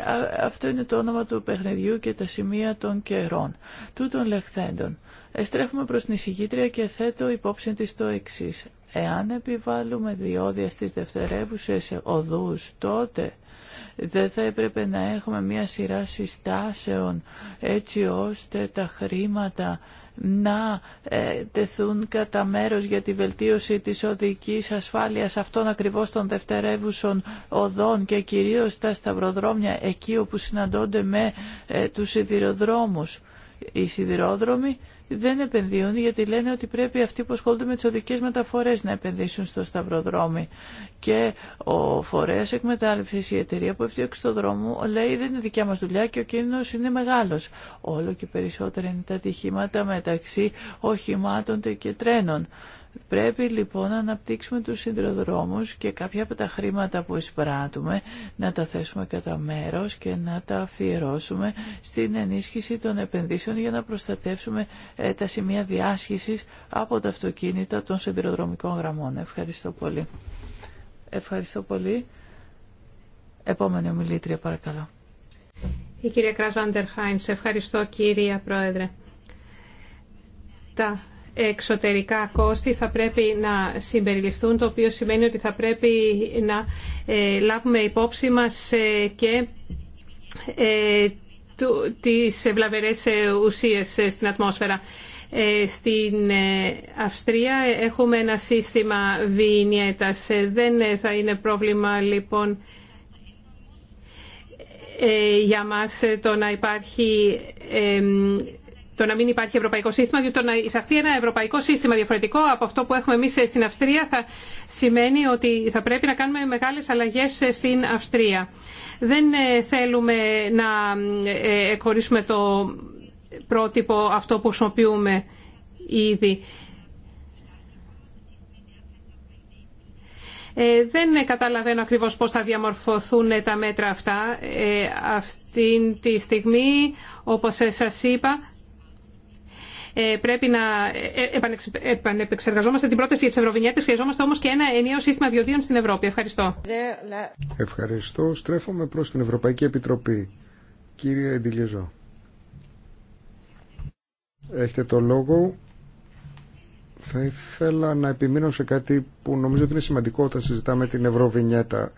αυτό είναι το όνομα του παιχνιδιού και τα σημεία των καιρών, τούτων λεχθέντων. Εστρέφουμε προς την εισηγήτρια και θέτω υπόψη της το εξής. Εάν επιβάλλουμε διόδια στις δευτερεύουσες οδούς, τότε δεν θα έπρεπε να έχουμε μια σειρά συστάσεων έτσι ώστε τα χρήματα να ε, τεθούν κατά μέρος για τη βελτίωση της οδικής ασφάλειας αυτών ακριβώς των δευτερεύουσων οδών και κυρίως τα σταυροδρόμια εκεί όπου συναντώνται με ε, τους σιδηροδρόμους. Οι σιδηρόδρομοι δεν επενδύουν γιατί λένε ότι πρέπει αυτοί που ασχολούνται με τις οδικές μεταφορές να επενδύσουν στο σταυροδρόμι. Και ο φορέας εκμετάλλευσης, η εταιρεία που έφτιαξε το δρόμο, λέει δεν είναι δικιά μας δουλειά και ο κίνδυνος είναι μεγάλος. Όλο και περισσότερα είναι τα ατυχήματα μεταξύ οχημάτων και τρένων. Πρέπει λοιπόν να αναπτύξουμε τους σιδηροδρόμους και κάποια από τα χρήματα που εισπράττουμε να τα θέσουμε κατά μέρος και να τα αφιερώσουμε στην ενίσχυση των επενδύσεων για να προστατεύσουμε ε, τα σημεία διάσχησης από τα αυτοκίνητα των σιδηροδρομικών γραμμών. Ευχαριστώ πολύ. Ευχαριστώ πολύ. Επόμενη ομιλήτρια παρακαλώ. Η κυρία Κράσβαντερ Χάιν, ευχαριστώ κύρια Πρόεδρε. Τα εξωτερικά κόστη θα πρέπει να συμπεριληφθούν, το οποίο σημαίνει ότι θα πρέπει να ε, λάβουμε υπόψη μας ε, και ε, τις ε, ουσίες στην ατμόσφαιρα. Στην Αυστρία έχουμε ένα σύστημα βινιέτας. Δεν θα είναι πρόβλημα λοιπόν για μας το να υπάρχει το να μην υπάρχει ευρωπαϊκό σύστημα, διότι το να εισαχθεί ένα ευρωπαϊκό σύστημα διαφορετικό από αυτό που έχουμε εμεί στην Αυστρία θα σημαίνει ότι θα πρέπει να κάνουμε μεγάλε αλλαγέ στην Αυστρία. Δεν ε, θέλουμε να ε, εκχωρήσουμε το πρότυπο αυτό που χρησιμοποιούμε ήδη. Ε, δεν καταλαβαίνω ακριβώς πώς θα διαμορφωθούν τα μέτρα αυτά. Ε, αυτή τη στιγμή, όπως σας είπα, ε, πρέπει να ε, ε, επανεπεξεργαζόμαστε την πρόταση για τι Χρειαζόμαστε όμω και ένα ενιαίο σύστημα διοδίων στην Ευρώπη. Ευχαριστώ. Ευχαριστώ. Στρέφομαι προ την Ευρωπαϊκή Επιτροπή. Κύριε Εντιλιζό. Έχετε το λόγο. Θα ήθελα να επιμείνω σε κάτι που νομίζω ότι είναι σημαντικό όταν συζητάμε την Ευρωβινιέτα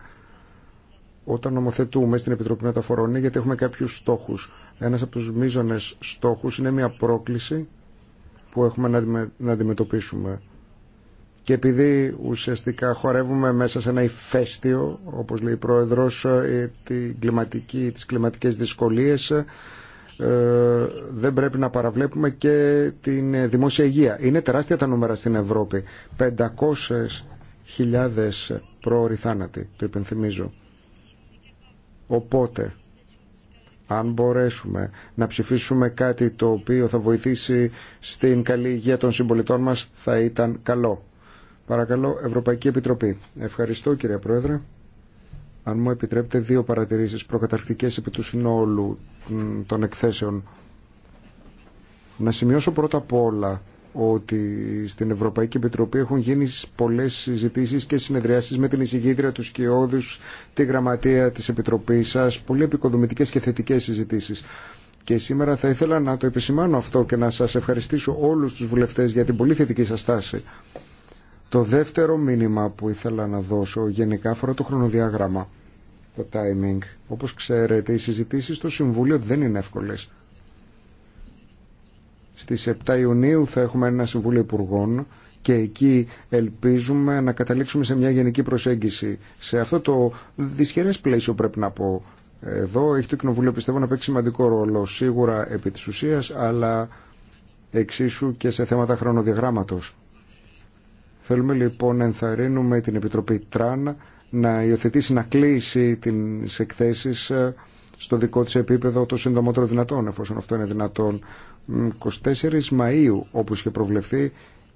όταν νομοθετούμε στην Επιτροπή Μεταφορών γιατί έχουμε κάποιους στόχους. Ένας από τους μείζονες στόχους είναι μια πρόκληση που έχουμε να αντιμετωπίσουμε. Και επειδή ουσιαστικά χορεύουμε μέσα σε ένα ηφαίστειο, όπως λέει η Πρόεδρος, ε, κλιματική, τις κλιματικές δυσκολίες, ε, δεν πρέπει να παραβλέπουμε και την δημόσια υγεία. Είναι τεράστια τα νούμερα στην Ευρώπη. 500.000 πρόωροι θάνατοι, το υπενθυμίζω. Οπότε, αν μπορέσουμε να ψηφίσουμε κάτι το οποίο θα βοηθήσει στην καλή υγεία των συμπολιτών μας θα ήταν καλό. Παρακαλώ, Ευρωπαϊκή Επιτροπή. Ευχαριστώ κύριε Πρόεδρε. Αν μου επιτρέπετε δύο παρατηρήσεις προκαταρκτικές επί του συνόλου των εκθέσεων. Να σημειώσω πρώτα απ' όλα ότι στην Ευρωπαϊκή Επιτροπή έχουν γίνει πολλές συζητήσεις και συνεδριάσεις με την εισηγήτρια του Σκιώδους, τη γραμματεία της Επιτροπής σας, πολύ επικοδομητικές και θετικές συζητήσεις. Και σήμερα θα ήθελα να το επισημάνω αυτό και να σας ευχαριστήσω όλους τους βουλευτές για την πολύ θετική σας στάση. Το δεύτερο μήνυμα που ήθελα να δώσω γενικά αφορά το χρονοδιάγραμμα, το timing. Όπως ξέρετε, οι συζητήσεις στο Συμβούλιο δεν είναι εύκολες. Στις 7 Ιουνίου θα έχουμε ένα Συμβούλιο Υπουργών και εκεί ελπίζουμε να καταλήξουμε σε μια γενική προσέγγιση. Σε αυτό το δυσχερές πλαίσιο πρέπει να πω. Εδώ έχει το Κοινοβούλιο πιστεύω να παίξει σημαντικό ρόλο σίγουρα επί της ουσίας αλλά εξίσου και σε θέματα χρονοδιαγράμματος. Θέλουμε λοιπόν να ενθαρρύνουμε την Επιτροπή Τραν να υιοθετήσει, να κλείσει τις εκθέσεις στο δικό της επίπεδο το συντομότερο δυνατόν, εφόσον αυτό είναι δυνατόν. 24 Μαΐου όπως είχε προβλεφθεί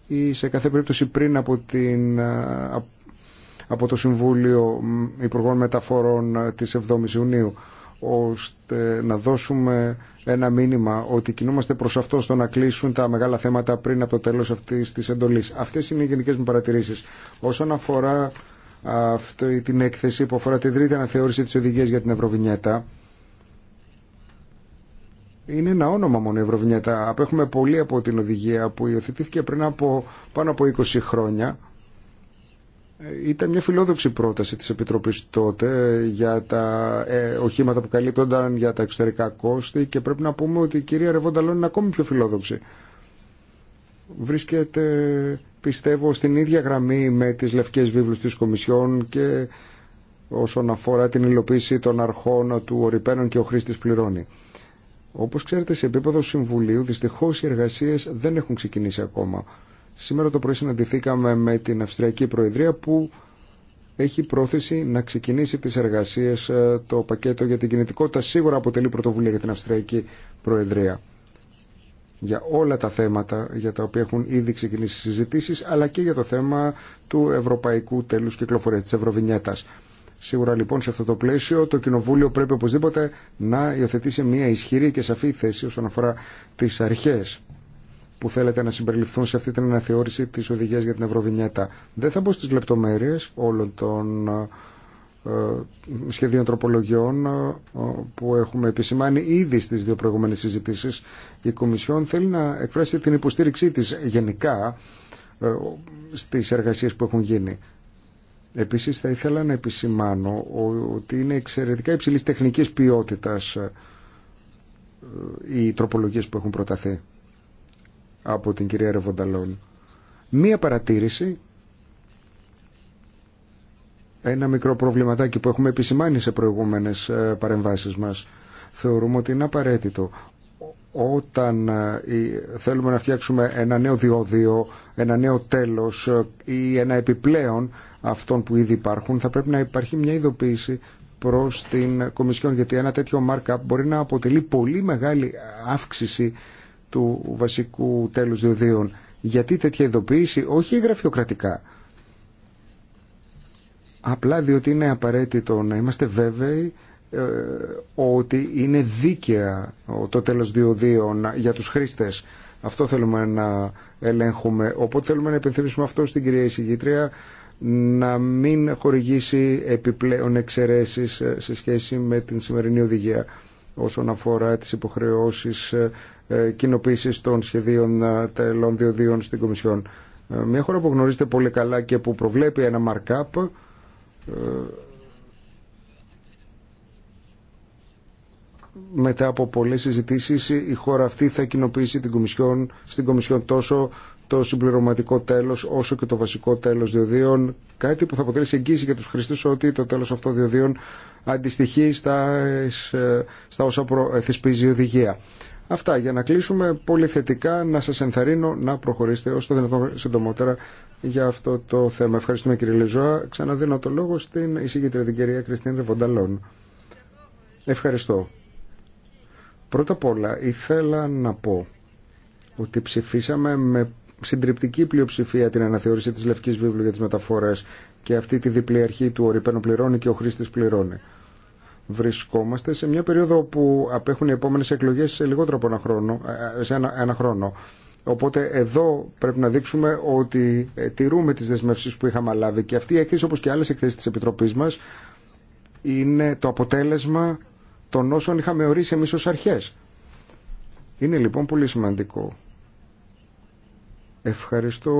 ή σε κάθε περίπτωση πριν από, την, από το Συμβούλιο Υπουργών Μεταφορών της 7ης Ιουνίου ώστε να δώσουμε ένα μήνυμα ότι κινούμαστε προς αυτό στο να κλείσουν τα μεγάλα θέματα πριν από το τέλος αυτής της εντολής. Αυτές είναι οι γενικές μου παρατηρήσεις. Όσον αφορά αυτή την έκθεση που αφορά την τρίτη αναθεώρηση της οδηγίας για την Ευρωβινιέτα, είναι ένα όνομα μόνο η Ευρωβινιέτα. Απέχουμε πολύ από την οδηγία που υιοθετήθηκε πριν από πάνω από 20 χρόνια. Ήταν μια φιλόδοξη πρόταση της Επιτροπής τότε για τα ε, οχήματα που καλύπτονταν για τα εξωτερικά κόστη και πρέπει να πούμε ότι η κυρία Ρεβόνταλόν είναι ακόμη πιο φιλόδοξη. Βρίσκεται, πιστεύω, στην ίδια γραμμή με τις λευκές βίβλους της Κομισιόν και όσον αφορά την υλοποίηση των αρχών του ορυπαίνων και ο χρήστη πληρώνει. Όπω ξέρετε, σε επίπεδο Συμβουλίου, δυστυχώ οι εργασίε δεν έχουν ξεκινήσει ακόμα. Σήμερα το πρωί συναντηθήκαμε με την Αυστριακή Προεδρία που έχει πρόθεση να ξεκινήσει τις εργασίες ε, το πακέτο για την κινητικότητα. Σίγουρα αποτελεί πρωτοβουλία για την Αυστριακή Προεδρία για όλα τα θέματα για τα οποία έχουν ήδη ξεκινήσει συζητήσει, αλλά και για το θέμα του ευρωπαϊκού τέλους κυκλοφορία τη Ευρωβινιέτας. Σίγουρα λοιπόν σε αυτό το πλαίσιο το Κοινοβούλιο πρέπει οπωσδήποτε να υιοθετήσει μια ισχυρή και σαφή θέση όσον αφορά τι αρχές που θέλετε να συμπεριληφθούν σε αυτή την αναθεώρηση τη οδηγία για την Ευρωβινιέτα. Δεν θα μπω στι λεπτομέρειες όλων των ε, σχεδίων τροπολογιών ε, που έχουμε επισημάνει ήδη στι δύο προηγούμενε συζητήσει. Η Κομισιόν θέλει να εκφράσει την υποστήριξή τη γενικά ε, στι εργασίε που έχουν γίνει Επίσης θα ήθελα να επισημάνω ότι είναι εξαιρετικά υψηλής τεχνικής ποιότητας ε, οι τροπολογίες που έχουν προταθεί από την κυρία Ρεβονταλόν. Μία παρατήρηση, ένα μικρό προβληματάκι που έχουμε επισημάνει σε προηγούμενες ε, παρεμβάσεις μας. Θεωρούμε ότι είναι απαραίτητο όταν ε, θέλουμε να φτιάξουμε ένα νέο διόδιο ένα νέο τέλος ε, ή ένα επιπλέον αυτών που ήδη υπάρχουν, θα πρέπει να υπάρχει μια ειδοποίηση προς την Κομισιόν, γιατί ένα τέτοιο μάρκα μπορεί να αποτελεί πολύ μεγάλη αύξηση του βασικού τέλους διοδίων. Γιατί τέτοια ειδοποίηση, όχι γραφειοκρατικά, απλά διότι είναι απαραίτητο να είμαστε βέβαιοι ε, ότι είναι δίκαια το τέλος διοδίων για τους χρήστες. Αυτό θέλουμε να ελέγχουμε. Οπότε θέλουμε να επιθυμήσουμε αυτό στην κυρία εισηγήτρια να μην χορηγήσει επιπλέον εξαιρέσει ε, σε σχέση με την σημερινή οδηγία όσον αφορά τις υποχρεώσεις ε, ε, κοινοποίησης των σχεδίων τελών διοδίων στην Κομισιόν. Μια χώρα που γνωρίζετε πολύ καλά και που προβλέπει ένα markup μετά από πολλές συζητήσεις η χώρα αυτή θα κοινοποιήσει την Κομισιόν, στην Κομισιόν τόσο το συμπληρωματικό τέλος όσο και το βασικό τέλος διοδίων κάτι που θα αποτελέσει εγγύηση για τους χρηστές ότι το τέλος αυτό διοδίων αντιστοιχεί στα, ε, στα όσα προ, ε, η οδηγία. Αυτά για να κλείσουμε πολύ θετικά να σας ενθαρρύνω να προχωρήσετε όσο το δυνατόν συντομότερα για αυτό το θέμα. Ευχαριστούμε κύριε Λεζόα. Ξαναδίνω το λόγο στην εισηγήτρια την κυρία Κριστίν Ρεβονταλόν. Ευχαριστώ. Πρώτα απ' όλα ήθελα να πω ότι ψηφίσαμε με συντριπτική πλειοψηφία την αναθεώρηση της Λευκής Βίβλου για τις μεταφορές και αυτή τη διπλή αρχή του ο Ριπένο πληρώνει και ο χρήστης πληρώνει. Βρισκόμαστε σε μια περίοδο που απέχουν οι επόμενες εκλογές σε λιγότερο από ένα χρόνο, ε, ε, σε ένα, χρόνο. Οπότε εδώ πρέπει να δείξουμε ότι ε, τηρούμε τις δεσμεύσεις που είχαμε λάβει και αυτή η έκθεση όπως και άλλες εκθέσεις της Επιτροπής μας είναι το αποτέλεσμα των όσων είχαμε ορίσει εμείς ως αρχές. Είναι λοιπόν πολύ σημαντικό. Ευχαριστώ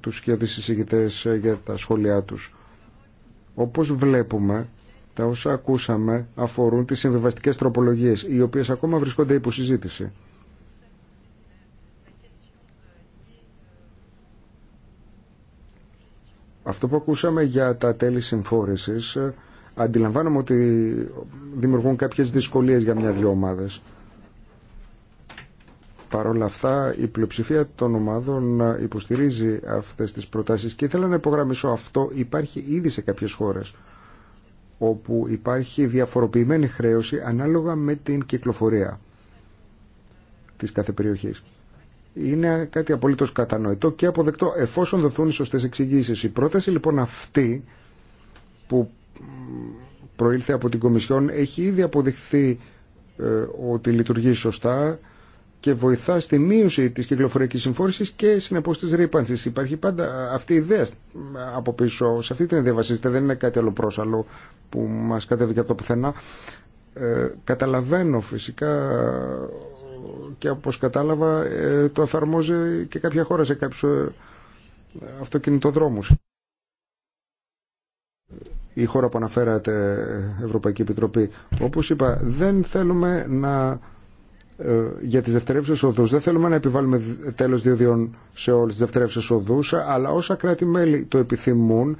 τους συζητητές ε, για τα σχόλιά τους. Όπως βλέπουμε, τα όσα ακούσαμε αφορούν τις συμβιβαστικέ τροπολογίες, οι οποίες ακόμα βρισκόνται υπό συζήτηση. Αυτό που ακούσαμε για τα τέλη συμφόρησης ε, Αντιλαμβάνομαι ότι δημιουργούν κάποιες δυσκολίες για μια-δυο ομάδες. Παρ' όλα αυτά η πλειοψηφία των ομάδων υποστηρίζει αυτές τις προτάσεις και ήθελα να υπογραμμίσω αυτό υπάρχει ήδη σε κάποιες χώρες όπου υπάρχει διαφοροποιημένη χρέωση ανάλογα με την κυκλοφορία της κάθε περιοχής. Είναι κάτι απολύτως κατανοητό και αποδεκτό εφόσον δοθούν οι σωστές εξηγήσεις. Η πρόταση λοιπόν αυτή που προήλθε από την Κομισιόν έχει ήδη αποδειχθεί ε, ότι λειτουργεί σωστά και βοηθά στη μείωση της κυκλοφορικής συμφόρησης και συνεπώς της ρήπανσης. Υπάρχει πάντα αυτή η ιδέα από πίσω. Σε αυτή την ιδέα βασίζεται. Δεν είναι κάτι άλλο πρόσαλο που μας κατέβηκε από το πουθενά. Ε, καταλαβαίνω φυσικά και όπως κατάλαβα ε, το εφαρμόζει και κάποια χώρα σε κάποιους αυτοκινητοδρόμους η χώρα που αναφέρατε, Ευρωπαϊκή Επιτροπή. Όπως είπα, δεν θέλουμε να ε, για τις δευτερεύσεις οδούς. Δεν θέλουμε να επιβάλλουμε τέλος διόδιων σε όλες τις δευτερεύσεις οδούς, αλλά όσα κράτη-μέλη το επιθυμούν,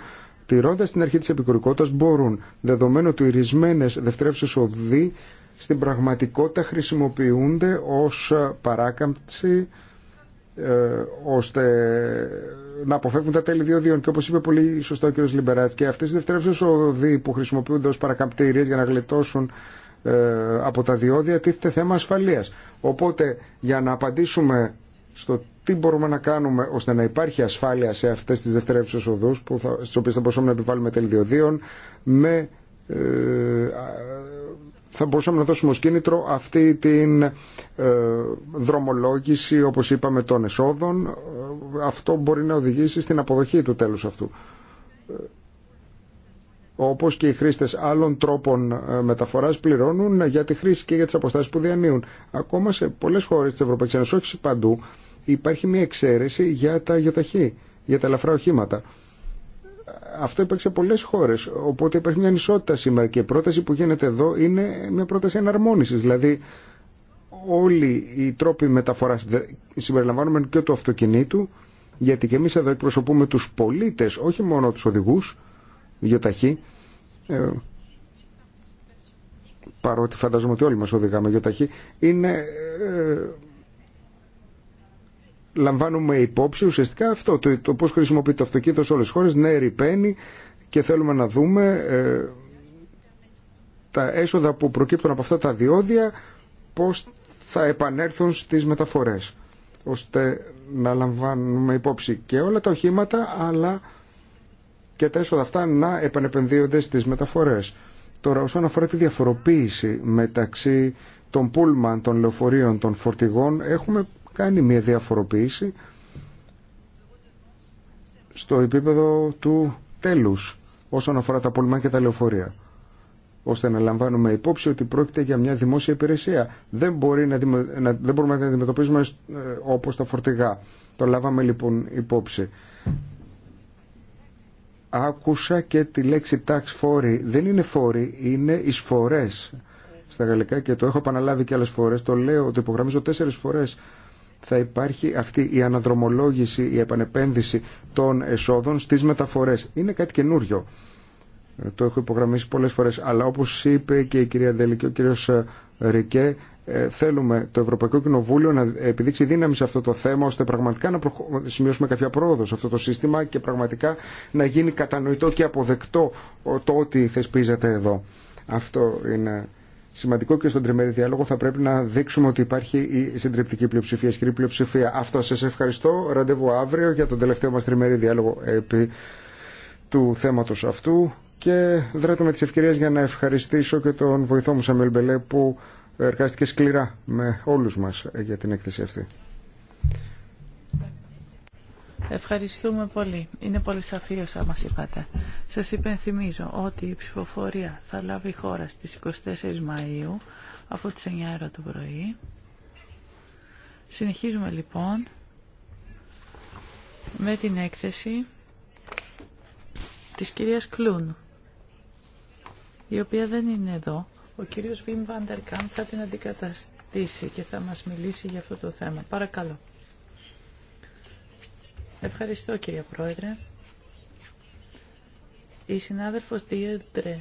τηρώντα την αρχή της επικουρικότητας, μπορούν, δεδομένου ότι ορισμένε δευτερεύσεις οδοί στην πραγματικότητα χρησιμοποιούνται ως παράκαμψη ε, ώστε να αποφεύγουν τα τέλη διόδιων. Και όπω είπε πολύ σωστά ο κ. Λιμπεράτ, και αυτέ οι δευτερεύουσε οδοί που χρησιμοποιούνται ω παρακαμπτήριε για να γλιτώσουν ε, από τα διόδια τίθεται θέμα ασφαλεία. Οπότε για να απαντήσουμε στο τι μπορούμε να κάνουμε ώστε να υπάρχει ασφάλεια σε αυτέ τι δευτερεύουσε οδού, στι οποίε θα μπορούσαμε να επιβάλλουμε τέλη διοδίων, με ε, θα μπορούσαμε να δώσουμε ως κίνητρο αυτή την ε, δρομολόγηση, όπως είπαμε, των εσόδων. Ε, αυτό μπορεί να οδηγήσει στην αποδοχή του τέλους αυτού. Ε, όπως και οι χρήστες άλλων τρόπων μεταφοράς πληρώνουν για τη χρήση και για τις αποστάσεις που διανύουν. Ακόμα σε πολλές χώρες της Ευρωπαϊκής Ένωσης, όχι παντού, υπάρχει μια εξαίρεση για τα γεωταχή, για τα ελαφρά οχήματα αυτό υπάρχει σε πολλές χώρες. Οπότε υπάρχει μια ανισότητα σήμερα και η πρόταση που γίνεται εδώ είναι μια πρόταση εναρμόνισης. Δηλαδή όλοι οι τρόποι μεταφοράς συμπεριλαμβάνουμε και του αυτοκινήτου γιατί και εμείς εδώ εκπροσωπούμε τους πολίτες, όχι μόνο τους οδηγούς, γιοταχή, ε, παρότι φανταζομαι ότι όλοι μας οδηγάμε γιοταχή, είναι... Ε, λαμβάνουμε υπόψη ουσιαστικά αυτό, το, το πώς χρησιμοποιείται το αυτοκίνητο σε όλες τις χώρες, ναι, ρηπαίνει και θέλουμε να δούμε ε, τα έσοδα που προκύπτουν από αυτά τα διόδια, πώς θα επανέλθουν στις μεταφορές, ώστε να λαμβάνουμε υπόψη και όλα τα οχήματα, αλλά και τα έσοδα αυτά να επανεπενδύονται στις μεταφορές. Τώρα, όσον αφορά τη διαφοροποίηση μεταξύ των πούλμαν, των λεωφορείων, των φορτηγών, έχουμε κάνει μια διαφοροποίηση στο επίπεδο του τέλους όσον αφορά τα πολυμά και τα λεωφορεία ώστε να λαμβάνουμε υπόψη ότι πρόκειται για μια δημόσια υπηρεσία. Δεν, μπορεί να, δεν μπορούμε να την αντιμετωπίζουμε ε, όπως τα φορτηγά. Το λάβαμε λοιπόν υπόψη. Άκουσα και τη λέξη tax φόρη. Δεν είναι φόρη, είναι εισφορές στα γαλλικά και το έχω επαναλάβει και άλλες φορές. Το λέω, ότι υπογραμμίζω τέσσερις φορές θα υπάρχει αυτή η αναδρομολόγηση, η επανεπένδυση των εσόδων στις μεταφορές. Είναι κάτι καινούριο. Ε, το έχω υπογραμμίσει πολλές φορές. Αλλά όπως είπε και η κυρία Δέλη και ο κύριος ε, Ρικέ, ε, θέλουμε το Ευρωπαϊκό Κοινοβούλιο να επιδείξει δύναμη σε αυτό το θέμα, ώστε πραγματικά να σημειώσουμε κάποια πρόοδο σε αυτό το σύστημα και πραγματικά να γίνει κατανοητό και αποδεκτό το ότι θεσπίζεται εδώ. Αυτό είναι σημαντικό και στον τριμερή διάλογο θα πρέπει να δείξουμε ότι υπάρχει η συντριπτική πλειοψηφία, η ισχυρή πλειοψηφία. Αυτό σα ευχαριστώ. Ραντεβού αύριο για τον τελευταίο μα τριμερή διάλογο επί του θέματος αυτού και δράτω με τις ευκαιρίες για να ευχαριστήσω και τον βοηθό μου Σαμιλ Μπελέ που εργάστηκε σκληρά με όλου μα για την έκθεση αυτή. Ευχαριστούμε πολύ. Είναι πολύ σαφή όσα μας είπατε. Σας υπενθυμίζω ότι η ψηφοφορία θα λάβει χώρα στις 24 Μαΐου από τις 9 το πρωί. Συνεχίζουμε λοιπόν με την έκθεση της κυρίας Κλούν, η οποία δεν είναι εδώ. Ο κύριος Βιμ Βαντερκάμ θα την αντικαταστήσει και θα μας μιλήσει για αυτό το θέμα. Παρακαλώ. Ευχαριστώ κύριε Πρόεδρε. Η συνάδελφος Διέντρε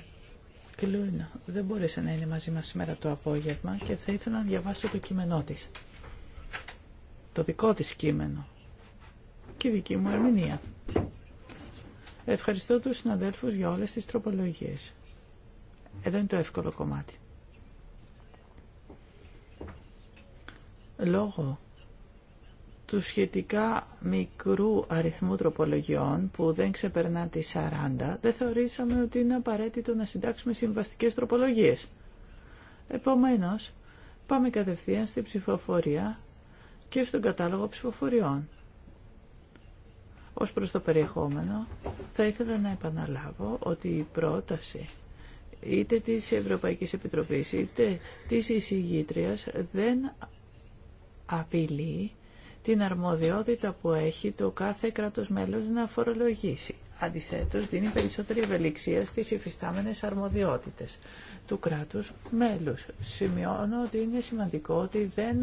Κλούν δεν μπόρεσε να είναι μαζί μας σήμερα το απόγευμα και θα ήθελα να διαβάσω το κείμενό της. Το δικό της κείμενο και η δική μου ερμηνεία. Ευχαριστώ τους συναδέλφους για όλες τις τροπολογίες. Εδώ είναι το εύκολο κομμάτι. Λόγω του σχετικά μικρού αριθμού τροπολογιών που δεν ξεπερνά τη 40, δεν θεωρήσαμε ότι είναι απαραίτητο να συντάξουμε συμβαστικές τροπολογίες. Επομένως, πάμε κατευθείαν στη ψηφοφορία και στον κατάλογο ψηφοφοριών. Ως προς το περιεχόμενο, θα ήθελα να επαναλάβω ότι η πρόταση είτε της Ευρωπαϊκής Επιτροπής είτε της εισηγήτριας δεν απειλεί την αρμοδιότητα που έχει το κάθε κράτος μέλος να φορολογήσει. Αντιθέτως, δίνει περισσότερη ευελιξία στις υφιστάμενες αρμοδιότητες του κράτους μέλους. Σημειώνω ότι είναι σημαντικό ότι δεν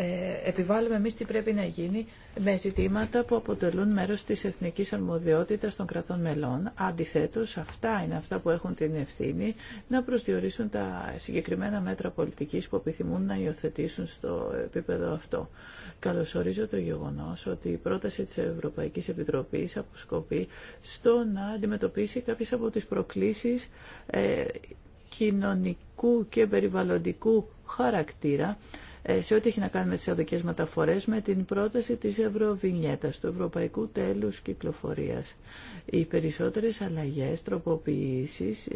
ε, επιβάλλουμε εμείς τι πρέπει να γίνει με ζητήματα που αποτελούν μέρος της εθνικής αρμοδιότητας των κρατών μελών. Αντιθέτως, αυτά είναι αυτά που έχουν την ευθύνη να προσδιορίσουν τα συγκεκριμένα μέτρα πολιτικής που επιθυμούν να υιοθετήσουν στο επίπεδο αυτό. Καλωσορίζω το γεγονός ότι η πρόταση της Ευρωπαϊκής Επιτροπής αποσκοπεί στο να αντιμετωπίσει κάποιες από τις προκλήσεις ε, κοινωνικού και περιβαλλοντικού χαρακτήρα ε, σε ό,τι έχει να κάνει με τις αδικές μεταφορές με την πρόταση της Ευρωβινιέτας, του Ευρωπαϊκού Τέλους Κυκλοφορίας. Οι περισσότερες αλλαγές, τροποποιήσεις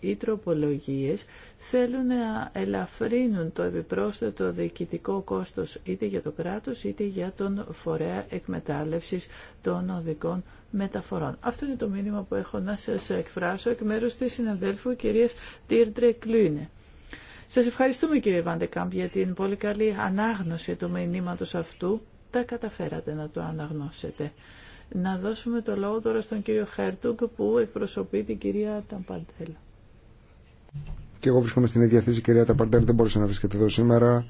ή ε, τροπολογίες θέλουν να ελαφρύνουν το επιπρόσθετο διοικητικό κόστος είτε για το κράτος είτε για τον φορέα εκμετάλλευσης των οδικών μεταφορών. Αυτό είναι το μήνυμα που έχω να σας εκφράσω εκ μέρους της συναδέλφου κυρίας Τίρντρε Κλούινε. Σας ευχαριστούμε κύριε Βαντεκάμπ για την πολύ καλή ανάγνωση του μηνύματος αυτού. Τα καταφέρατε να το αναγνώσετε. Να δώσουμε το λόγο τώρα στον κύριο Χέρτουγκ που εκπροσωπεί την κυρία Ταμπαντέλ. Και εγώ βρίσκομαι στην ίδια θέση, κυρία Ταμπαντέλ, δεν μπορούσα να βρίσκεται εδώ σήμερα.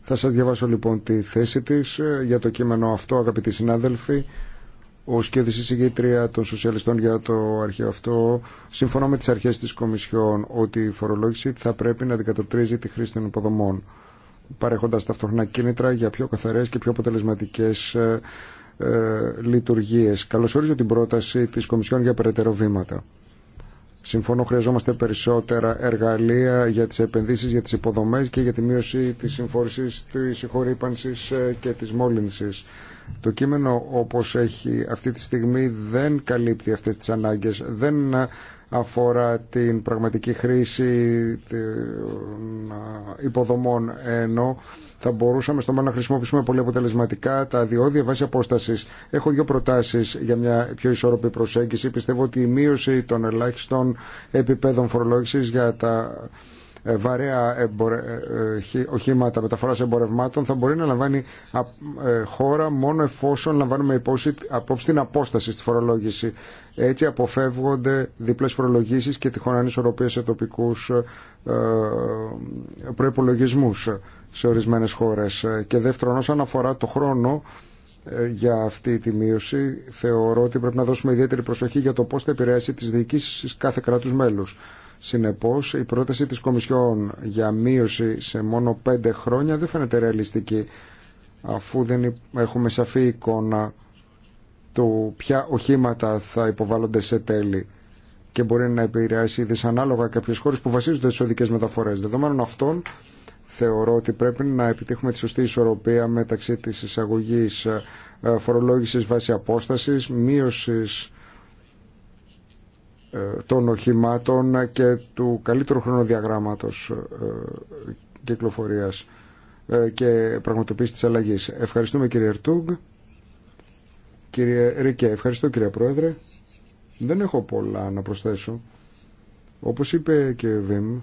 Θα σας διαβάσω λοιπόν τη θέση της ε, για το κείμενο αυτό, αγαπητοί συνάδελφοι ω και εισηγήτρια των σοσιαλιστών για το αρχαίο αυτό, συμφωνώ με τι αρχέ τη Κομισιόν ότι η φορολόγηση θα πρέπει να αντικατοπτρίζει τη χρήση των υποδομών, παρέχοντα ταυτόχρονα κίνητρα για πιο καθαρέ και πιο αποτελεσματικέ ε, ε λειτουργίε. Καλωσορίζω την πρόταση τη Κομισιόν για περαιτέρω βήματα. Συμφωνώ, χρειαζόμαστε περισσότερα εργαλεία για τις επενδύσεις, για τις υποδομές και για τη μείωση της συμφόρηση τη συγχωρήπανσης ε, και της μόλυνσης. Το κείμενο όπως έχει αυτή τη στιγμή δεν καλύπτει αυτές τις ανάγκες, δεν αφορά την πραγματική χρήση υποδομών ενώ θα μπορούσαμε στο μέλλον να χρησιμοποιήσουμε πολύ αποτελεσματικά τα διόδια βάση απόσταση. Έχω δύο προτάσει για μια πιο ισόρροπη προσέγγιση. Πιστεύω ότι η μείωση των ελάχιστων επιπέδων φορολόγηση για τα ε, βαρέα ε, ε, οχήματα μεταφοράς εμπορευμάτων θα μπορεί να λαμβάνει χώρα μόνο εφόσον λαμβάνουμε υπόψη, απόψη την απόσταση στη φορολόγηση. Έτσι αποφεύγονται διπλές φορολογήσεις και τυχόν ανισορροπίες σε τοπικούς προϋπολογισμούς σε ορισμένες χώρες. Και δεύτερον, όσον αφορά το χρόνο, για αυτή τη μείωση θεωρώ ότι πρέπει να δώσουμε ιδιαίτερη προσοχή για το πώς θα επηρεάσει τις διοικήσεις κάθε κράτου Συνεπώς, η πρόταση της Κομισιόν για μείωση σε μόνο πέντε χρόνια δεν φαίνεται ρεαλιστική, αφού δεν έχουμε σαφή εικόνα του ποια οχήματα θα υποβάλλονται σε τέλη και μπορεί να επηρεάσει δυσανάλογα κάποιες χώρες που βασίζονται στις οδικές μεταφορές. Δεδομένων αυτών, θεωρώ ότι πρέπει να επιτύχουμε τη σωστή ισορροπία μεταξύ της εισαγωγής ε, φορολόγησης βάσει απόστασης, μείωσης των οχημάτων και του καλύτερου χρονοδιαγράμματος ε, κυκλοφορίας ε, και πραγματοποίηση της αλλαγής. Ευχαριστούμε κύριε Ερτούγκ. Κύριε Ρίκε, ευχαριστώ κύριε Πρόεδρε. Δεν έχω πολλά να προσθέσω. Όπως είπε και ο Βίμ,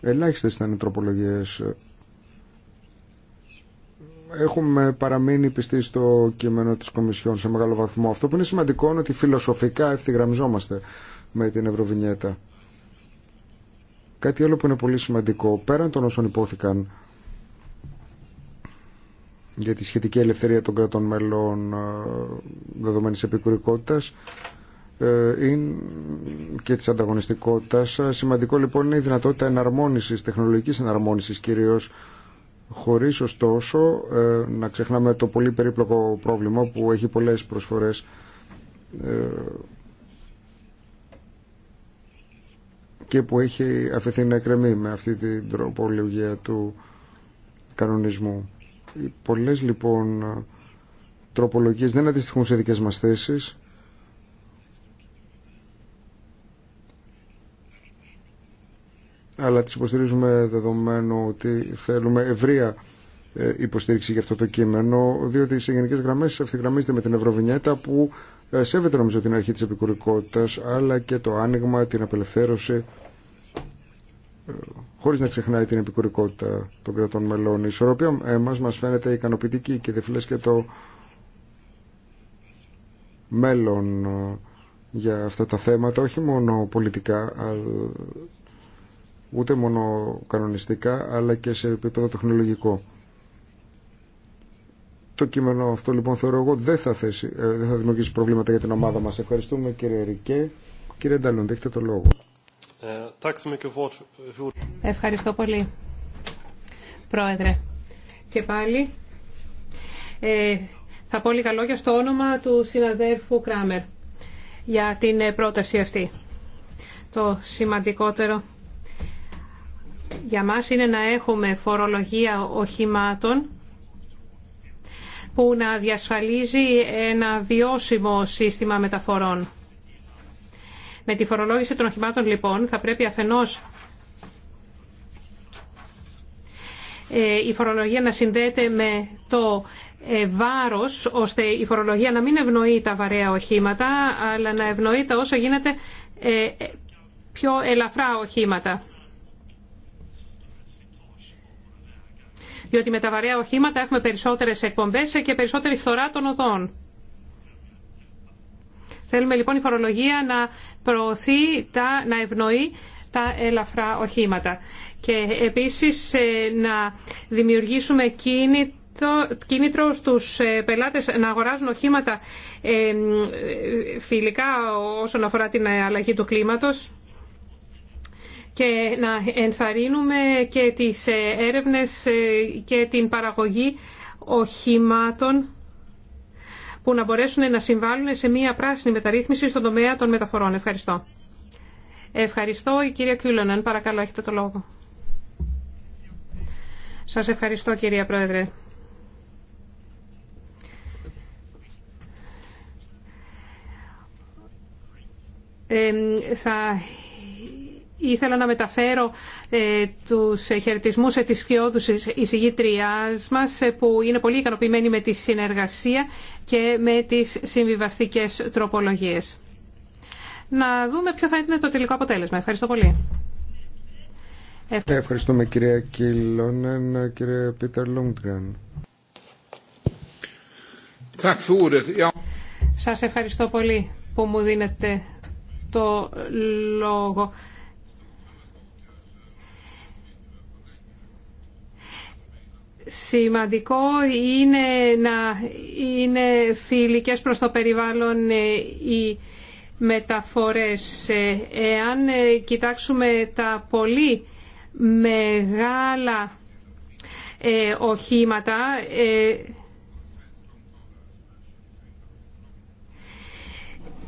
ελάχιστες ήταν οι τροπολογίες ε, έχουμε παραμείνει πιστοί στο κείμενο της Κομισιόν σε μεγάλο βαθμό. Αυτό που είναι σημαντικό είναι ότι φιλοσοφικά ευθυγραμμιζόμαστε με την Ευρωβινιέτα. Κάτι άλλο που είναι πολύ σημαντικό, πέραν των όσων υπόθηκαν για τη σχετική ελευθερία των κρατών μελών ε, δεδομένης επικουρικότητας ε, και της ανταγωνιστικότητας. Ε, σημαντικό λοιπόν είναι η δυνατότητα εναρμόνισης, τεχνολογικής εναρμόνισης κυρίως χωρίς ωστόσο ε, να ξεχνάμε το πολύ περίπλοκο πρόβλημα που έχει πολλές προσφορές ε, και που έχει αφαιθεί να εκκρεμεί με αυτή την τροπολογία του κανονισμού. Οι πολλές λοιπόν τροπολογίες δεν αντιστοιχούν σε δικές μας θέσεις αλλά τις υποστηρίζουμε δεδομένου ότι θέλουμε ευρεία ε, υποστήριξη για αυτό το κείμενο, διότι σε γενικέ γραμμέ ευθυγραμμίζεται με την Ευρωβινιέτα που ε, σέβεται νομίζω την αρχή τη επικουρικότητα, αλλά και το άνοιγμα, την απελευθέρωση, ε, χωρί να ξεχνάει την επικουρικότητα των κρατών μελών. Η ισορροπία μα μας φαίνεται ικανοποιητική και δεν και το μέλλον για αυτά τα θέματα, όχι μόνο πολιτικά, αλλά ούτε μόνο κανονιστικά αλλά και σε επίπεδο τεχνολογικό. Το κείμενο αυτό λοιπόν θεωρώ εγώ δεν θα, ε, δημιουργήσει προβλήματα για την ομάδα μας. Ευχαριστούμε κύριε Ρικέ. Κύριε Ντάλον, δείχτε το λόγο. Ευχαριστώ πολύ, Πρόεδρε. Και πάλι ε, θα πω λίγα λόγια στο όνομα του συναδέρφου Κράμερ για την πρόταση αυτή. Το σημαντικότερο για μας είναι να έχουμε φορολογία οχημάτων που να διασφαλίζει ένα βιώσιμο σύστημα μεταφορών. Με τη φορολόγηση των οχημάτων λοιπόν θα πρέπει αφενός ε, η φορολογία να συνδέεται με το ε, βάρος ώστε η φορολογία να μην ευνοεί τα βαρέα οχήματα αλλά να ευνοεί τα όσο γίνεται ε, πιο ελαφρά οχήματα. διότι με τα βαρέα οχήματα έχουμε περισσότερες εκπομπές και περισσότερη φθορά των οδών. Θέλουμε λοιπόν η φορολογία να προωθεί, τα, να ευνοεί τα ελαφρά οχήματα. Και επίσης ε, να δημιουργήσουμε κίνητρο στους ε, πελάτες να αγοράζουν οχήματα ε, φιλικά όσον αφορά την αλλαγή του κλίματος και να ενθαρρύνουμε και τις ε, έρευνες ε, και την παραγωγή οχημάτων που να μπορέσουν να συμβάλλουν σε μια πράσινη μεταρρύθμιση στον τομέα των μεταφορών. Ευχαριστώ. Ευχαριστώ η κυρία Κύλωναν, Παρακαλώ, έχετε το λόγο. Σας ευχαριστώ κυρία Πρόεδρε. θα ήθελα να μεταφέρω ε, τους χαιρετισμούς ε, της σκιώδους εισηγήτριάς μας ε, που είναι πολύ ικανοποιημένοι με τη συνεργασία και με τις συμβιβαστικές τροπολογίες. Να δούμε ποιο θα είναι το τελικό αποτέλεσμα. Ευχαριστώ πολύ. Ε, ευχαριστούμε κυρία Κιλόνεν, κύριε Πίτερ Λούγκρεν. Σας ευχαριστώ πολύ που μου δίνετε το λόγο. Σημαντικό είναι να είναι φιλικές προς το περιβάλλον οι μεταφορές. Εάν κοιτάξουμε τα πολύ μεγάλα ε, οχήματα, ε,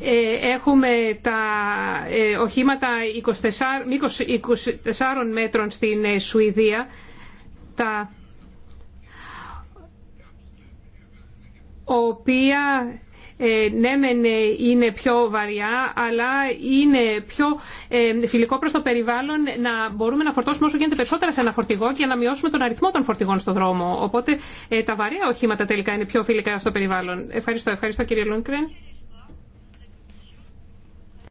ε, έχουμε τα οχήματα 24, 24 μέτρων στην Σουηδία, τα οποία ε, ναι μεν ε, είναι πιο βαριά αλλά είναι πιο ε, φιλικό προς το περιβάλλον να μπορούμε να φορτώσουμε όσο γίνεται περισσότερα σε ένα φορτηγό και να μειώσουμε τον αριθμό των φορτηγών στον δρόμο. Οπότε τα βαρέα οχήματα τελικά είναι πιο φιλικά στο περιβάλλον. Ευχαριστώ. Ευχαριστώ κύριε Λούνκρεν.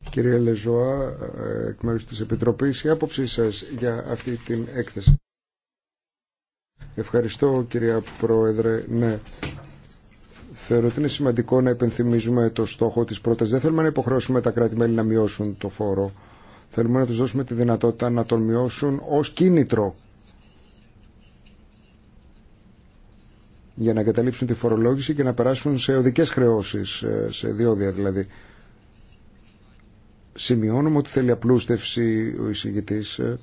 Κύριε Λεζοά, εκ μέρους της Επιτροπής, η άποψή σας για αυτή την έκθεση. Ευχαριστώ κυρία Πρόεδρε. Ναι, Θεωρώ ότι είναι σημαντικό να υπενθυμίζουμε το στόχο της πρόταση. Δεν θέλουμε να υποχρεώσουμε τα κράτη-μέλη να μειώσουν το φόρο. Θέλουμε να τους δώσουμε τη δυνατότητα να τον μειώσουν ω κίνητρο για να καταλήψουν τη φορολόγηση και να περάσουν σε οδικές χρεώσεις, ε, σε διόδια δηλαδή. Σημειώνουμε ότι θέλει απλούστευση ο εισηγητή. Ε,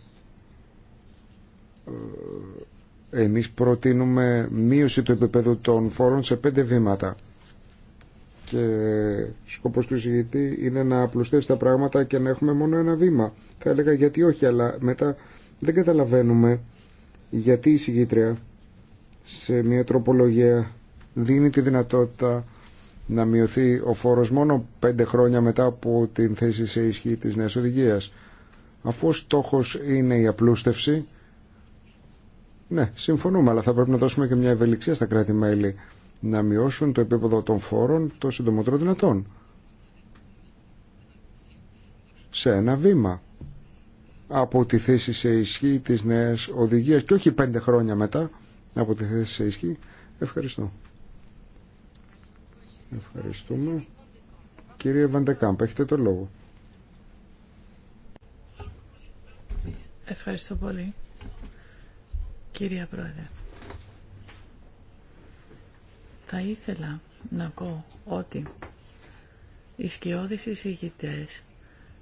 εμείς προτείνουμε μείωση του επίπεδου των φόρων σε πέντε βήματα. Και σκοπός του συγητή είναι να απλουστεύσει τα πράγματα και να έχουμε μόνο ένα βήμα. Θα έλεγα γιατί όχι, αλλά μετά δεν καταλαβαίνουμε γιατί η συγγήτρια σε μια τροπολογία δίνει τη δυνατότητα να μειωθεί ο φόρος μόνο πέντε χρόνια μετά από την θέση σε ισχύ της νέας οδηγίας. Αφού στόχος είναι η απλούστευση, ναι, συμφωνούμε, αλλά θα πρέπει να δώσουμε και μια ευελιξία στα κράτη-μέλη να μειώσουν το επίπεδο των φόρων το συντομότερο δυνατόν. Σε ένα βήμα από τη θέση σε ισχύ της νέας οδηγίας και όχι πέντε χρόνια μετά από τη θέση σε ισχύ. Ευχαριστώ. Ευχαριστούμε. Κύριε Βαντεκάμπ, έχετε το λόγο. Ευχαριστώ πολύ. Κύριε Πρόεδρε, θα ήθελα να πω ότι οι σκιώδεις εισηγητές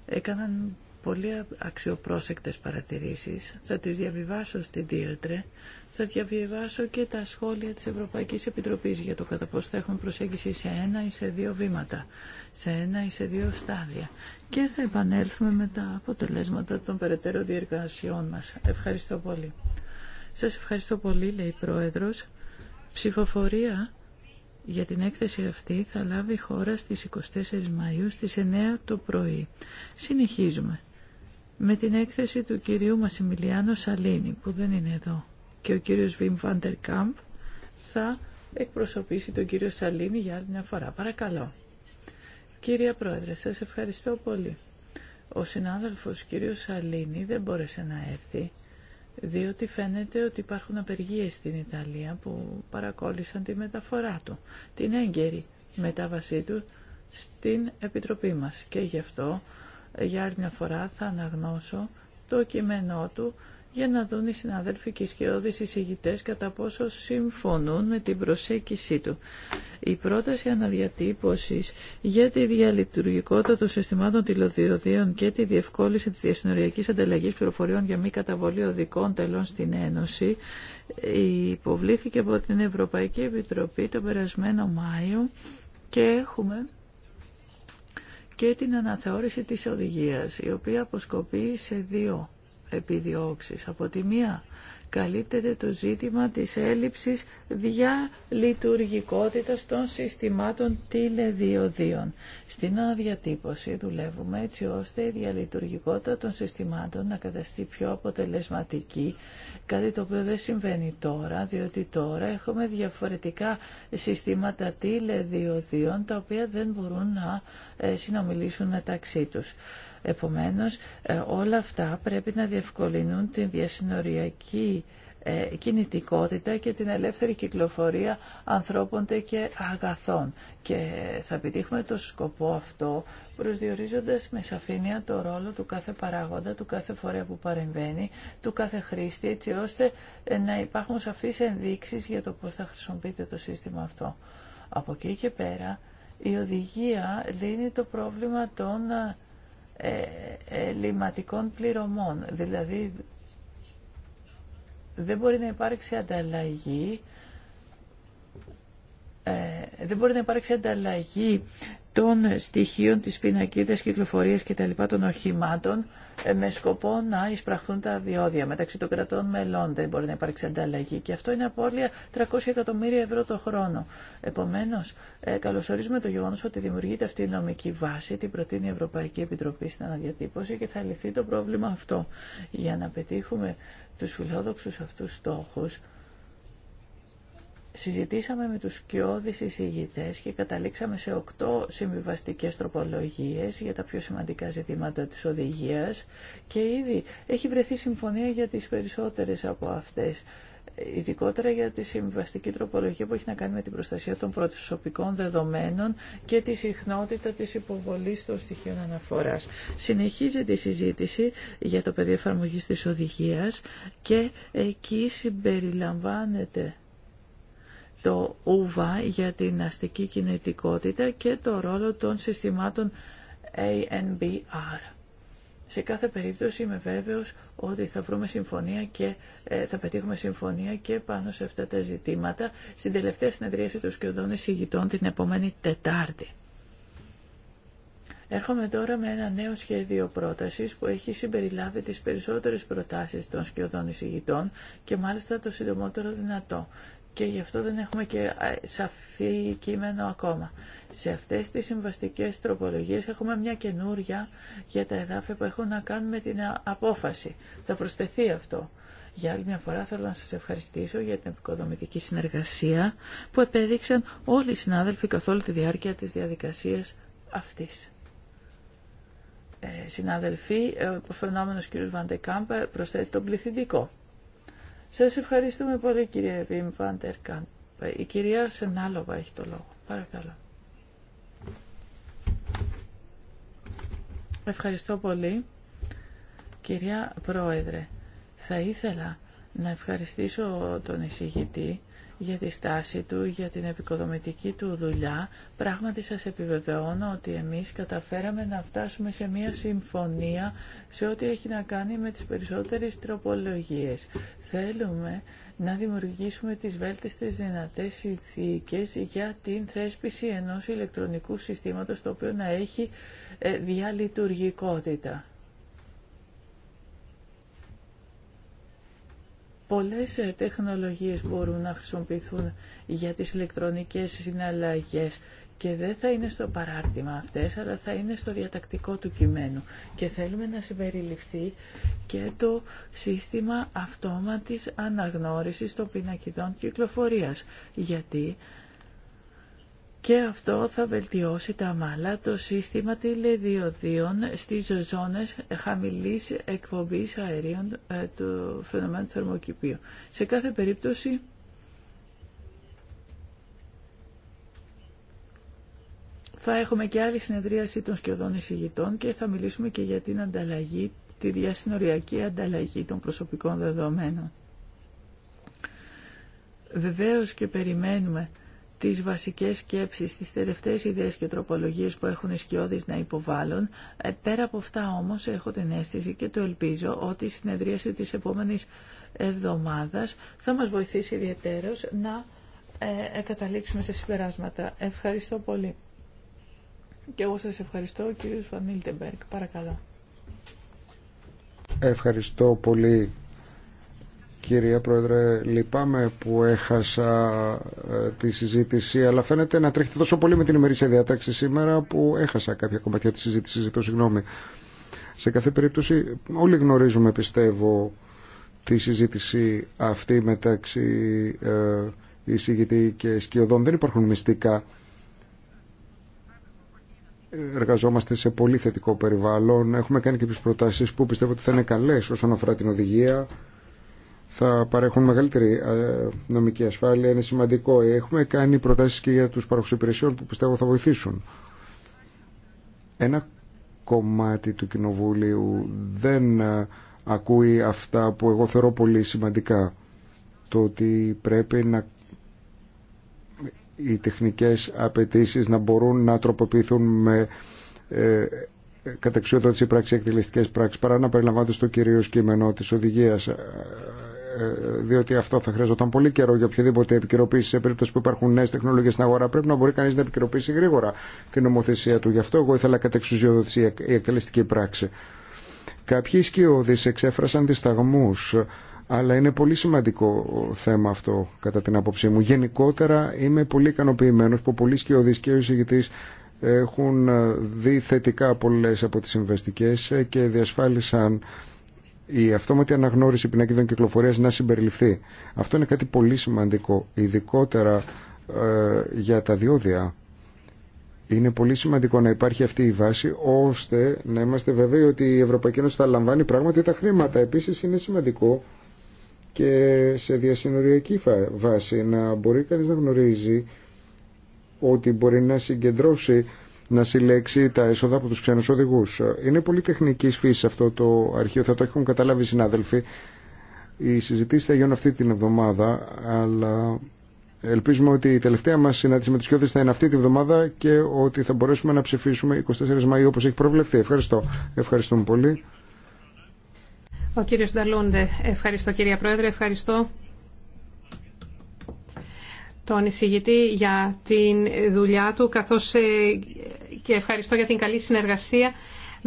έκαναν πολύ αξιοπρόσεκτες παρατηρήσεις. Θα τις διαβιβάσω στην Τίρτρε. Θα διαβιβάσω και τα σχόλια της Ευρωπαϊκής Επιτροπής για το κατά πώς θα έχουν προσέγγιση σε ένα ή σε δύο βήματα, σε ένα ή σε δύο στάδια. Και θα επανέλθουμε με τα αποτελέσματα των περαιτέρω διεργασιών μας. Ευχαριστώ πολύ. Σας ευχαριστώ πολύ, λέει η Πρόεδρος. Ψηφοφορία για την έκθεση αυτή θα λάβει χώρα στις 24 Μαΐου στις 9 το πρωί. Συνεχίζουμε με την έκθεση του κυρίου Μασιμιλιάνο Σαλίνη που δεν είναι εδώ και ο κύριος Βιμ Βάντερ θα εκπροσωπήσει τον κύριο Σαλίνη για άλλη μια φορά. Παρακαλώ. Κύριε Πρόεδρε, σας ευχαριστώ πολύ. Ο συνάδελφος κύριος Σαλίνη δεν μπόρεσε να έρθει διότι φαίνεται ότι υπάρχουν απεργίες στην Ιταλία που παρακόλλησαν τη μεταφορά του, την έγκαιρη μετάβασή του στην Επιτροπή μας. Και γι' αυτό για άλλη μια φορά θα αναγνώσω το κείμενό του για να δουν οι συναδέλφοι και οι σχεδόντες εισηγητές κατά πόσο συμφωνούν με την προσέγγιση του. Η πρόταση αναδιατύπωσης για τη διαλειτουργικότητα των συστημάτων τηλεοδιοδίων και τη διευκόλυνση της διασυνοριακής ανταλλαγής πληροφοριών για μη καταβολή οδικών τελών στην Ένωση υποβλήθηκε από την Ευρωπαϊκή Επιτροπή τον περασμένο Μάιο και έχουμε και την αναθεώρηση της οδηγίας, η οποία αποσκοπεί σε δύο επιδιώξεις. Από τη μία καλύπτεται το ζήτημα της έλλειψης διαλειτουργικότητας των συστημάτων τηλεδιοδίων. Στην αδιατύπωση δουλεύουμε έτσι ώστε η διαλειτουργικότητα των συστημάτων να καταστεί πιο αποτελεσματική, κάτι το οποίο δεν συμβαίνει τώρα, διότι τώρα έχουμε διαφορετικά συστήματα τηλεδιοδίων τα οποία δεν μπορούν να ε, συνομιλήσουν μεταξύ τους. Επομένως, ε, όλα αυτά πρέπει να διευκολυνούν την διασυνοριακή ε, κινητικότητα και την ελεύθερη κυκλοφορία ανθρώπων και αγαθών. Και θα επιτύχουμε το σκοπό αυτό προσδιορίζοντας με σαφήνεια το ρόλο του κάθε παράγοντα, του κάθε φορέα που παρεμβαίνει, του κάθε χρήστη, έτσι ώστε ε, να υπάρχουν σαφείς ενδείξεις για το πώς θα χρησιμοποιείται το σύστημα αυτό. Από εκεί και πέρα, η οδηγία λύνει το πρόβλημα των ε, ελληματικών πληρωμών. Δηλαδή δεν μπορεί να υπάρξει ανταλλαγή ε, δεν μπορεί να υπάρξει ανταλλαγή των στοιχείων της πινακίδας κυκλοφορίας και τα λοιπά των οχημάτων ε, με σκοπό να εισπραχθούν τα διόδια μεταξύ των κρατών μελών. Δεν μπορεί να υπάρξει ανταλλαγή και αυτό είναι απώλεια 300 εκατομμύρια ευρώ το χρόνο. Επομένως, ε, καλωσορίζουμε το γεγονός ότι δημιουργείται αυτή η νομική βάση, την προτείνει η Ευρωπαϊκή Επιτροπή στην αναδιατύπωση και θα λυθεί το πρόβλημα αυτό. Για να πετύχουμε τους φιλόδοξους αυτούς στόχους, Συζητήσαμε με τους κοιόδης εισηγητές και καταλήξαμε σε οκτώ συμβιβαστικές τροπολογίες για τα πιο σημαντικά ζητήματα της οδηγίας και ήδη έχει βρεθεί συμφωνία για τις περισσότερες από αυτές ειδικότερα για τη συμβιβαστική τροπολογία που έχει να κάνει με την προστασία των προσωπικών δεδομένων και τη συχνότητα της υποβολής των στοιχείων αναφοράς. Συνεχίζεται η συζήτηση για το πεδίο εφαρμογή της οδηγίας και εκεί συμπεριλαμβάνεται το ΟΥΒΑ για την αστική κινητικότητα και το ρόλο των συστημάτων ANBR. Σε κάθε περίπτωση είμαι βέβαιος ότι θα βρούμε συμφωνία και ε, θα πετύχουμε συμφωνία και πάνω σε αυτά τα ζητήματα στην τελευταία συνεδρίαση των σκιωδών εισηγητών την επόμενη Τετάρτη. Έρχομαι τώρα με ένα νέο σχέδιο πρότασης που έχει συμπεριλάβει τις περισσότερες προτάσεις των σκιωδών εισηγητών και μάλιστα το συντομότερο δυνατό και γι' αυτό δεν έχουμε και σαφή κείμενο ακόμα. Σε αυτές τις συμβαστικές τροπολογίες έχουμε μια καινούρια για τα εδάφια που έχουν να κάνουν με την απόφαση. Θα προσθεθεί αυτό. Για άλλη μια φορά θέλω να σας ευχαριστήσω για την επικοδομητική συνεργασία που επέδειξαν όλοι οι συνάδελφοι καθ' όλη τη διάρκεια της διαδικασίας αυτής. Ε, συναδελφοί, ε, ο φαινόμενος κ. Βαντεκάμπα ε, προσθέτει τον πληθυντικό. Σας ευχαριστούμε πολύ κυρία Βίμ Βάντερ Η κυρία Σενάλοβα έχει το λόγο. Παρακαλώ. Ευχαριστώ πολύ. Κυρία Πρόεδρε, θα ήθελα να ευχαριστήσω τον εισηγητή για τη στάση του, για την επικοδομητική του δουλειά. Πράγματι σας επιβεβαιώνω ότι εμείς καταφέραμε να φτάσουμε σε μια συμφωνία σε ό,τι έχει να κάνει με τις περισσότερες τροπολογίες. Θέλουμε να δημιουργήσουμε τις βέλτιστες δυνατές συνθήκες για την θέσπιση ενός ηλεκτρονικού συστήματος το οποίο να έχει ε, διαλειτουργικότητα. Πολλές ε, τεχνολογίες μπορούν να χρησιμοποιηθούν για τις ηλεκτρονικές συναλλαγές και δεν θα είναι στο παράρτημα αυτές, αλλά θα είναι στο διατακτικό του κειμένου. Και θέλουμε να συμπεριληφθεί και το σύστημα αυτόματης αναγνώρισης των πινακιδών κυκλοφορίας. Γιατί και αυτό θα βελτιώσει τα μάλα το σύστημα τηλεδιοδίων στις ζώνες χαμηλής εκπομπής αερίων ε, του φαινομένου θερμοκηπίου. Σε κάθε περίπτωση θα έχουμε και άλλη συνεδρίαση των σκιωδών εισηγητών και θα μιλήσουμε και για την ανταλλαγή, τη διασυνοριακή ανταλλαγή των προσωπικών δεδομένων. Βεβαίως και περιμένουμε τις βασικές σκέψεις, τις τελευταίες ιδέες και τροπολογίες που έχουν οι σκιώδεις να υποβάλλουν. Ε, πέρα από αυτά όμως έχω την αίσθηση και το ελπίζω ότι η συνεδρίαση της επόμενης εβδομάδας θα μας βοηθήσει ιδιαίτερως να ε, καταλήξουμε σε συμπεράσματα. Ευχαριστώ πολύ. Και εγώ σας ευχαριστώ, κύριος Φανίλτεμπεργκ. Παρακαλώ. Ευχαριστώ πολύ Κυρία Πρόεδρε, λυπάμαι που έχασα ε, τη συζήτηση, αλλά φαίνεται να τρέχετε τόσο πολύ με την ημερήσια διατάξη σήμερα που έχασα κάποια κομμάτια τη συζήτηση. Ζητώ συγγνώμη. Σε κάθε περίπτωση, όλοι γνωρίζουμε, πιστεύω, τη συζήτηση αυτή μεταξύ ε, εισηγητή και σκιωδών. Δεν υπάρχουν μυστικά. Εργαζόμαστε σε πολύ θετικό περιβάλλον. Έχουμε κάνει και τις προτάσεις που πιστεύω ότι θα είναι καλές όσον αφορά την οδηγία θα παρέχουν μεγαλύτερη ε, νομική ασφάλεια. Είναι σημαντικό. Έχουμε κάνει προτάσεις και για τους παροχούς υπηρεσιών που πιστεύω θα βοηθήσουν. Ένα κομμάτι του Κοινοβουλίου δεν ε, ακούει αυτά που εγώ θεωρώ πολύ σημαντικά. Το ότι πρέπει να οι τεχνικές απαιτήσει να μπορούν να τροποποιηθούν με ε, της πράξη εκτελεστικές πράξεις παρά να περιλαμβάνονται στο κυρίως κείμενο της οδηγίας διότι αυτό θα χρειαζόταν πολύ καιρό για οποιαδήποτε επικαιροποίηση σε περίπτωση που υπάρχουν νέε τεχνολογίε στην αγορά. Πρέπει να μπορεί κανεί να επικαιροποιήσει γρήγορα την νομοθεσία του. Γι' αυτό εγώ ήθελα κατ' η εκτελεστική πράξη. Κάποιοι σκιώδει εξέφρασαν δισταγμού, αλλά είναι πολύ σημαντικό θέμα αυτό κατά την άποψή μου. Γενικότερα είμαι πολύ ικανοποιημένο που πολλοί σκιώδει και ο εισηγητή έχουν δει θετικά πολλέ από τι συμβαστικέ και διασφάλισαν η αυτόματη αναγνώριση πινακίδων κυκλοφορία να συμπεριληφθεί. Αυτό είναι κάτι πολύ σημαντικό, ειδικότερα ε, για τα διόδια. Είναι πολύ σημαντικό να υπάρχει αυτή η βάση ώστε να είμαστε βέβαιοι ότι η Ευρωπαϊκή Ένωση θα λαμβάνει πράγματι τα χρήματα. Επίσης είναι σημαντικό και σε διασυνοριακή βάση να μπορεί κανεί να γνωρίζει ότι μπορεί να συγκεντρώσει να συλλέξει τα έσοδα από του ξένου οδηγού. Είναι πολύ τεχνική φύση αυτό το αρχείο, θα το έχουν καταλάβει οι συνάδελφοι. Οι συζητήσεις θα γίνουν αυτή την εβδομάδα, αλλά ελπίζουμε ότι η τελευταία μα συνάντηση με τους Κιώδη θα είναι αυτή την εβδομάδα και ότι θα μπορέσουμε να ψηφίσουμε 24 Μαου όπω έχει προβλεφθεί. Ευχαριστώ. Ευχαριστούμε πολύ. Ο κύριος Νταλούντε, ευχαριστώ κυρία Πρόεδρε, ευχαριστώ τον εισηγητή για την δουλειά του καθώς ε, και ευχαριστώ για την καλή συνεργασία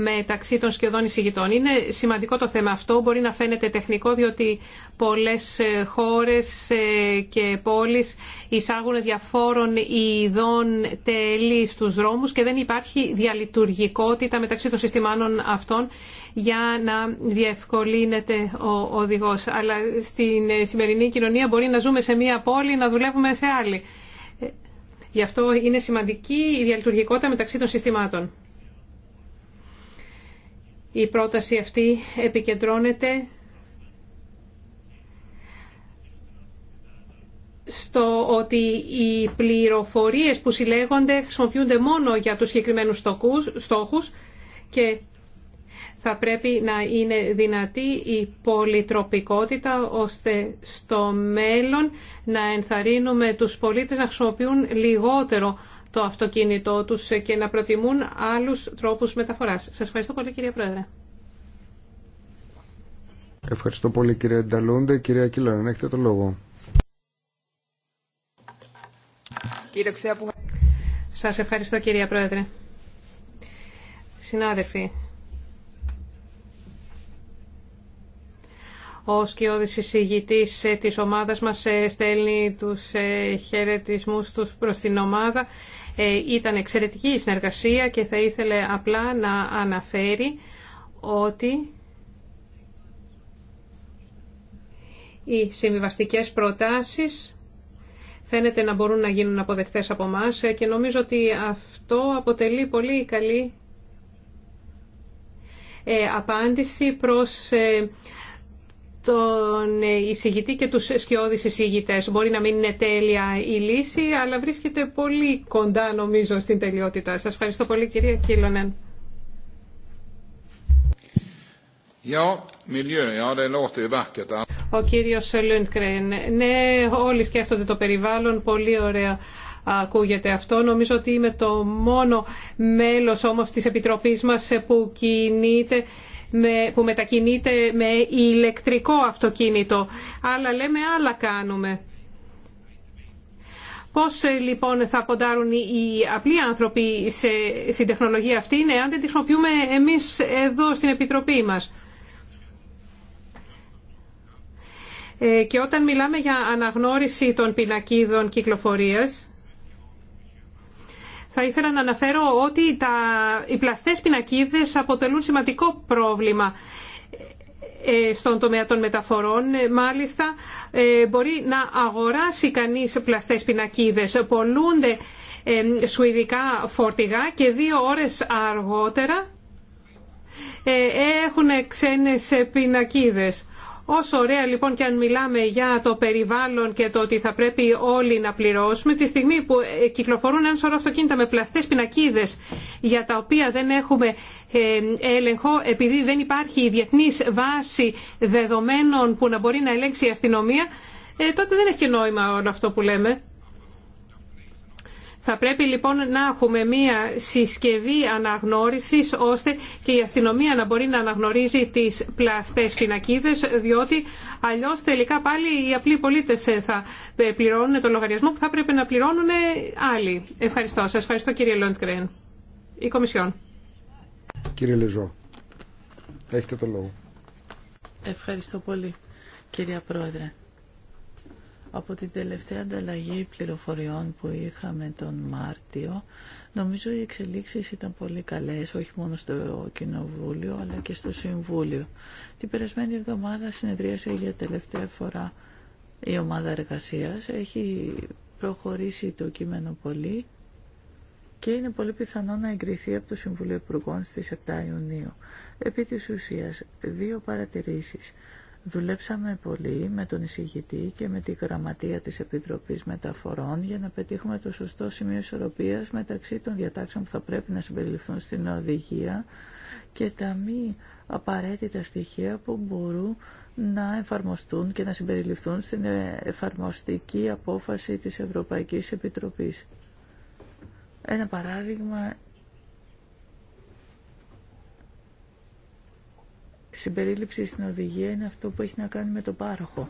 μεταξύ των σχεδόν εισηγητών. Είναι σημαντικό το θέμα αυτό. Μπορεί να φαίνεται τεχνικό διότι πολλές ε, χώρες ε, και πόλεις εισάγουν διαφόρων ειδών τέλη στου δρόμους και δεν υπάρχει διαλειτουργικότητα μεταξύ των συστημάτων αυτών για να διευκολύνεται ο οδηγό. Αλλά στην ε, σημερινή κοινωνία μπορεί να ζούμε σε μία πόλη, να δουλεύουμε σε άλλη. Γι' αυτό είναι σημαντική η διαλειτουργικότητα μεταξύ των συστημάτων. Η πρόταση αυτή επικεντρώνεται στο ότι οι πληροφορίες που συλλέγονται χρησιμοποιούνται μόνο για τους συγκεκριμένους στόχους και θα πρέπει να είναι δυνατή η πολυτροπικότητα ώστε στο μέλλον να ενθαρρύνουμε τους πολίτες να χρησιμοποιούν λιγότερο το αυτοκίνητό τους και να προτιμούν άλλους τρόπους μεταφοράς. Σας ευχαριστώ πολύ κύριε Πρόεδρε. Ευχαριστώ πολύ κύριε Νταλούντε. Κυρία Κιλόνεν, έχετε το λόγο. Σας ευχαριστώ κυρία Πρόεδρε. Συνάδελφοι, Ο σκιώδης εισηγητής ε, της ομάδας μας ε, στέλνει τους ε, χαιρετισμούς τους προς την ομάδα. Ήταν εξαιρετική η συνεργασία και θα ήθελε απλά να αναφέρει ότι οι συμβιβαστικές προτάσεις φαίνεται να μπορούν να γίνουν αποδεκτές από εμά και νομίζω ότι αυτό αποτελεί πολύ καλή απάντηση προς τον εισηγητή και τους σκιώδεις εισηγητέ. Μπορεί να μην είναι τέλεια η λύση, αλλά βρίσκεται πολύ κοντά νομίζω στην τελειότητα. Σας ευχαριστώ πολύ κυρία Κίλωνεν. Ο κύριος Λούντκρεν. Ναι, όλοι σκέφτονται το περιβάλλον, πολύ ωραία ακούγεται αυτό. Νομίζω ότι είμαι το μόνο μέλος όμως της Επιτροπής μας που κινείται που μετακινείται με ηλεκτρικό αυτοκίνητο. Άλλα λέμε, άλλα κάνουμε. Πώς ε, λοιπόν θα ποντάρουν οι απλοί άνθρωποι σε, στην τεχνολογία αυτή, ναι, αν δεν τη χρησιμοποιούμε εμείς εδώ στην Επιτροπή μας. Ε, και όταν μιλάμε για αναγνώριση των πινακίδων κυκλοφορίας, θα ήθελα να αναφέρω ότι τα, οι πλαστές πινακίδες αποτελούν σημαντικό πρόβλημα ε, στον τομέα των μεταφορών. Ε, μάλιστα, ε, μπορεί να αγοράσει κανείς πλαστές πινακίδες. Πολλούνται σουηδικά φορτηγά και δύο ώρες αργότερα έχουν ξένες πινακίδες. Όσο ωραία λοιπόν και αν μιλάμε για το περιβάλλον και το ότι θα πρέπει όλοι να πληρώσουμε, τη στιγμή που ε, κυκλοφορούν ένα σωρό αυτοκίνητα με πλαστές πινακίδες για τα οποία δεν έχουμε ε, έλεγχο επειδή δεν υπάρχει η διεθνής βάση δεδομένων που να μπορεί να ελέγξει η αστυνομία, ε, τότε δεν έχει νόημα όλο αυτό που λέμε. Θα πρέπει λοιπόν να έχουμε μία συσκευή αναγνώρισης ώστε και η αστυνομία να μπορεί να αναγνωρίζει τις πλαστές πινακίδες διότι αλλιώς τελικά πάλι οι απλοί πολίτες θα πληρώνουν το λογαριασμό που θα πρέπει να πληρώνουν άλλοι. Ευχαριστώ. Σας ευχαριστώ κύριε Λόντκρεν. Η Κομισιόν. Κύριε Λεζό, έχετε το λόγο. Ευχαριστώ πολύ κυρία Πρόεδρε. Από την τελευταία ανταλλαγή πληροφοριών που είχαμε τον Μάρτιο, νομίζω οι εξελίξεις ήταν πολύ καλές, όχι μόνο στο Κοινοβούλιο, αλλά και στο Συμβούλιο. Την περασμένη εβδομάδα συνεδρίασε για τελευταία φορά η ομάδα εργασίας. Έχει προχωρήσει το κείμενο πολύ και είναι πολύ πιθανό να εγκριθεί από το Συμβουλίο Υπουργών στις 7 Ιουνίου. Επί της ουσίας, δύο παρατηρήσεις. Δουλέψαμε πολύ με τον εισηγητή και με τη γραμματεία της Επιτροπής Μεταφορών για να πετύχουμε το σωστό σημείο ισορροπίας μεταξύ των διατάξεων που θα πρέπει να συμπεριληφθούν στην οδηγία και τα μη απαραίτητα στοιχεία που μπορούν να εφαρμοστούν και να συμπεριληφθούν στην εφαρμοστική απόφαση της Ευρωπαϊκής Επιτροπής. Ένα παράδειγμα συμπερίληψη στην οδηγία είναι αυτό που έχει να κάνει με το πάροχο.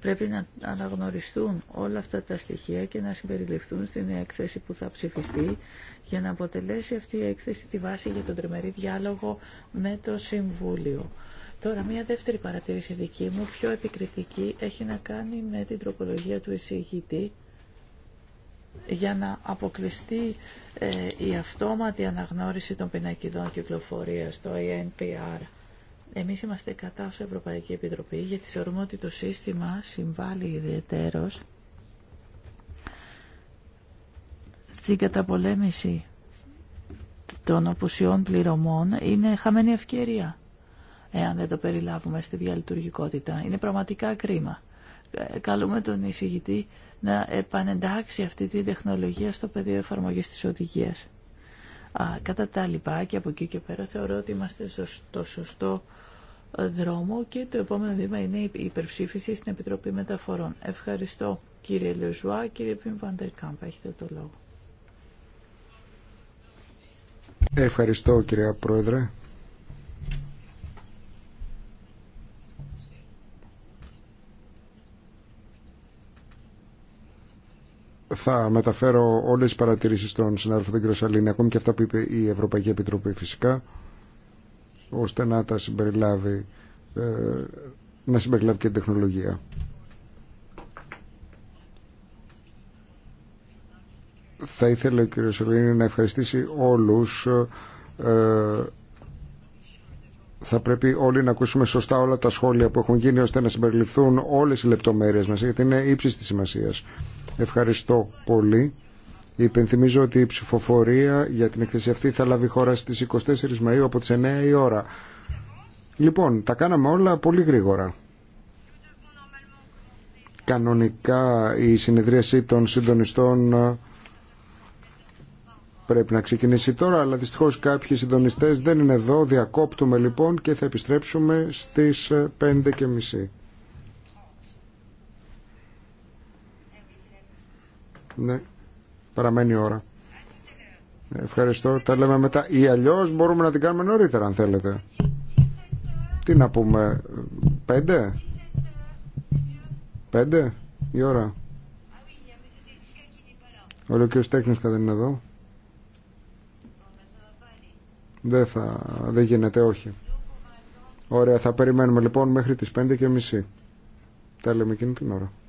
Πρέπει να αναγνωριστούν όλα αυτά τα στοιχεία και να συμπεριληφθούν στην έκθεση που θα ψηφιστεί για να αποτελέσει αυτή η έκθεση τη βάση για τον τριμερή διάλογο με το Συμβούλιο. Τώρα, μια δεύτερη παρατήρηση δική μου, πιο επικριτική, έχει να κάνει με την τροπολογία του εισηγητή για να αποκλειστεί ε, η αυτόματη αναγνώριση των πινακιδών κυκλοφορίας, το ANPR. Εμείς είμαστε κατά ως Ευρωπαϊκή Επιτροπή γιατί θεωρούμε ότι το σύστημα συμβάλλει ιδιαίτερος στην καταπολέμηση των απουσιών πληρωμών είναι χαμένη ευκαιρία εάν δεν το περιλάβουμε στη διαλειτουργικότητα. Είναι πραγματικά κρίμα. Ε, καλούμε τον εισηγητή να επανεντάξει αυτή τη τεχνολογία στο πεδίο εφαρμογής της οδηγίας. Α, κατά τα λοιπά και από εκεί και πέρα θεωρώ ότι είμαστε στο σωστό δρόμο και το επόμενο βήμα είναι η υπερψήφιση στην Επιτροπή Μεταφορών. Ευχαριστώ κύριε Λεζουά, κύριε Πιμ Βαντερκάμπ, έχετε το λόγο. Ευχαριστώ κυρία Πρόεδρε. θα μεταφέρω όλες τις παρατηρήσεις των συνάδελφων των κ. Σαλήνη, ακόμη και αυτά που είπε η Ευρωπαϊκή Επιτροπή φυσικά ώστε να τα συμπεριλάβει ε, να συμπεριλάβει και την τεχνολογία. Θα ήθελα, ο κ. Σελήνη να ευχαριστήσει όλους ε, θα πρέπει όλοι να ακούσουμε σωστά όλα τα σχόλια που έχουν γίνει ώστε να συμπεριληφθούν όλες οι λεπτομέρειες μας γιατί είναι ύψης της σημασίας. Ευχαριστώ πολύ. Υπενθυμίζω ότι η ψηφοφορία για την εκθέση αυτή θα λάβει χώρα στις 24 Μαΐου από τις 9 η ώρα. Λοιπόν, τα κάναμε όλα πολύ γρήγορα. Κανονικά η συνεδρίαση των συντονιστών ε, πρέπει να ξεκινήσει τώρα, αλλά δυστυχώς κάποιοι συντονιστές δεν είναι εδώ. Διακόπτουμε λοιπόν και θα επιστρέψουμε στις 5.30. Ε, ναι. Παραμένει η ώρα. Ευχαριστώ. Τα λέμε μετά. Ή αλλιώ μπορούμε να την κάνουμε νωρίτερα, αν θέλετε. Τι να πούμε, πέντε. Πέντε η ώρα. ο κύριος Τέχνης δεν είναι εδώ. Δεν θα, δεν γίνεται, όχι. Ωραία, θα περιμένουμε λοιπόν μέχρι τις πέντε και μισή. Τα λέμε εκείνη την ώρα.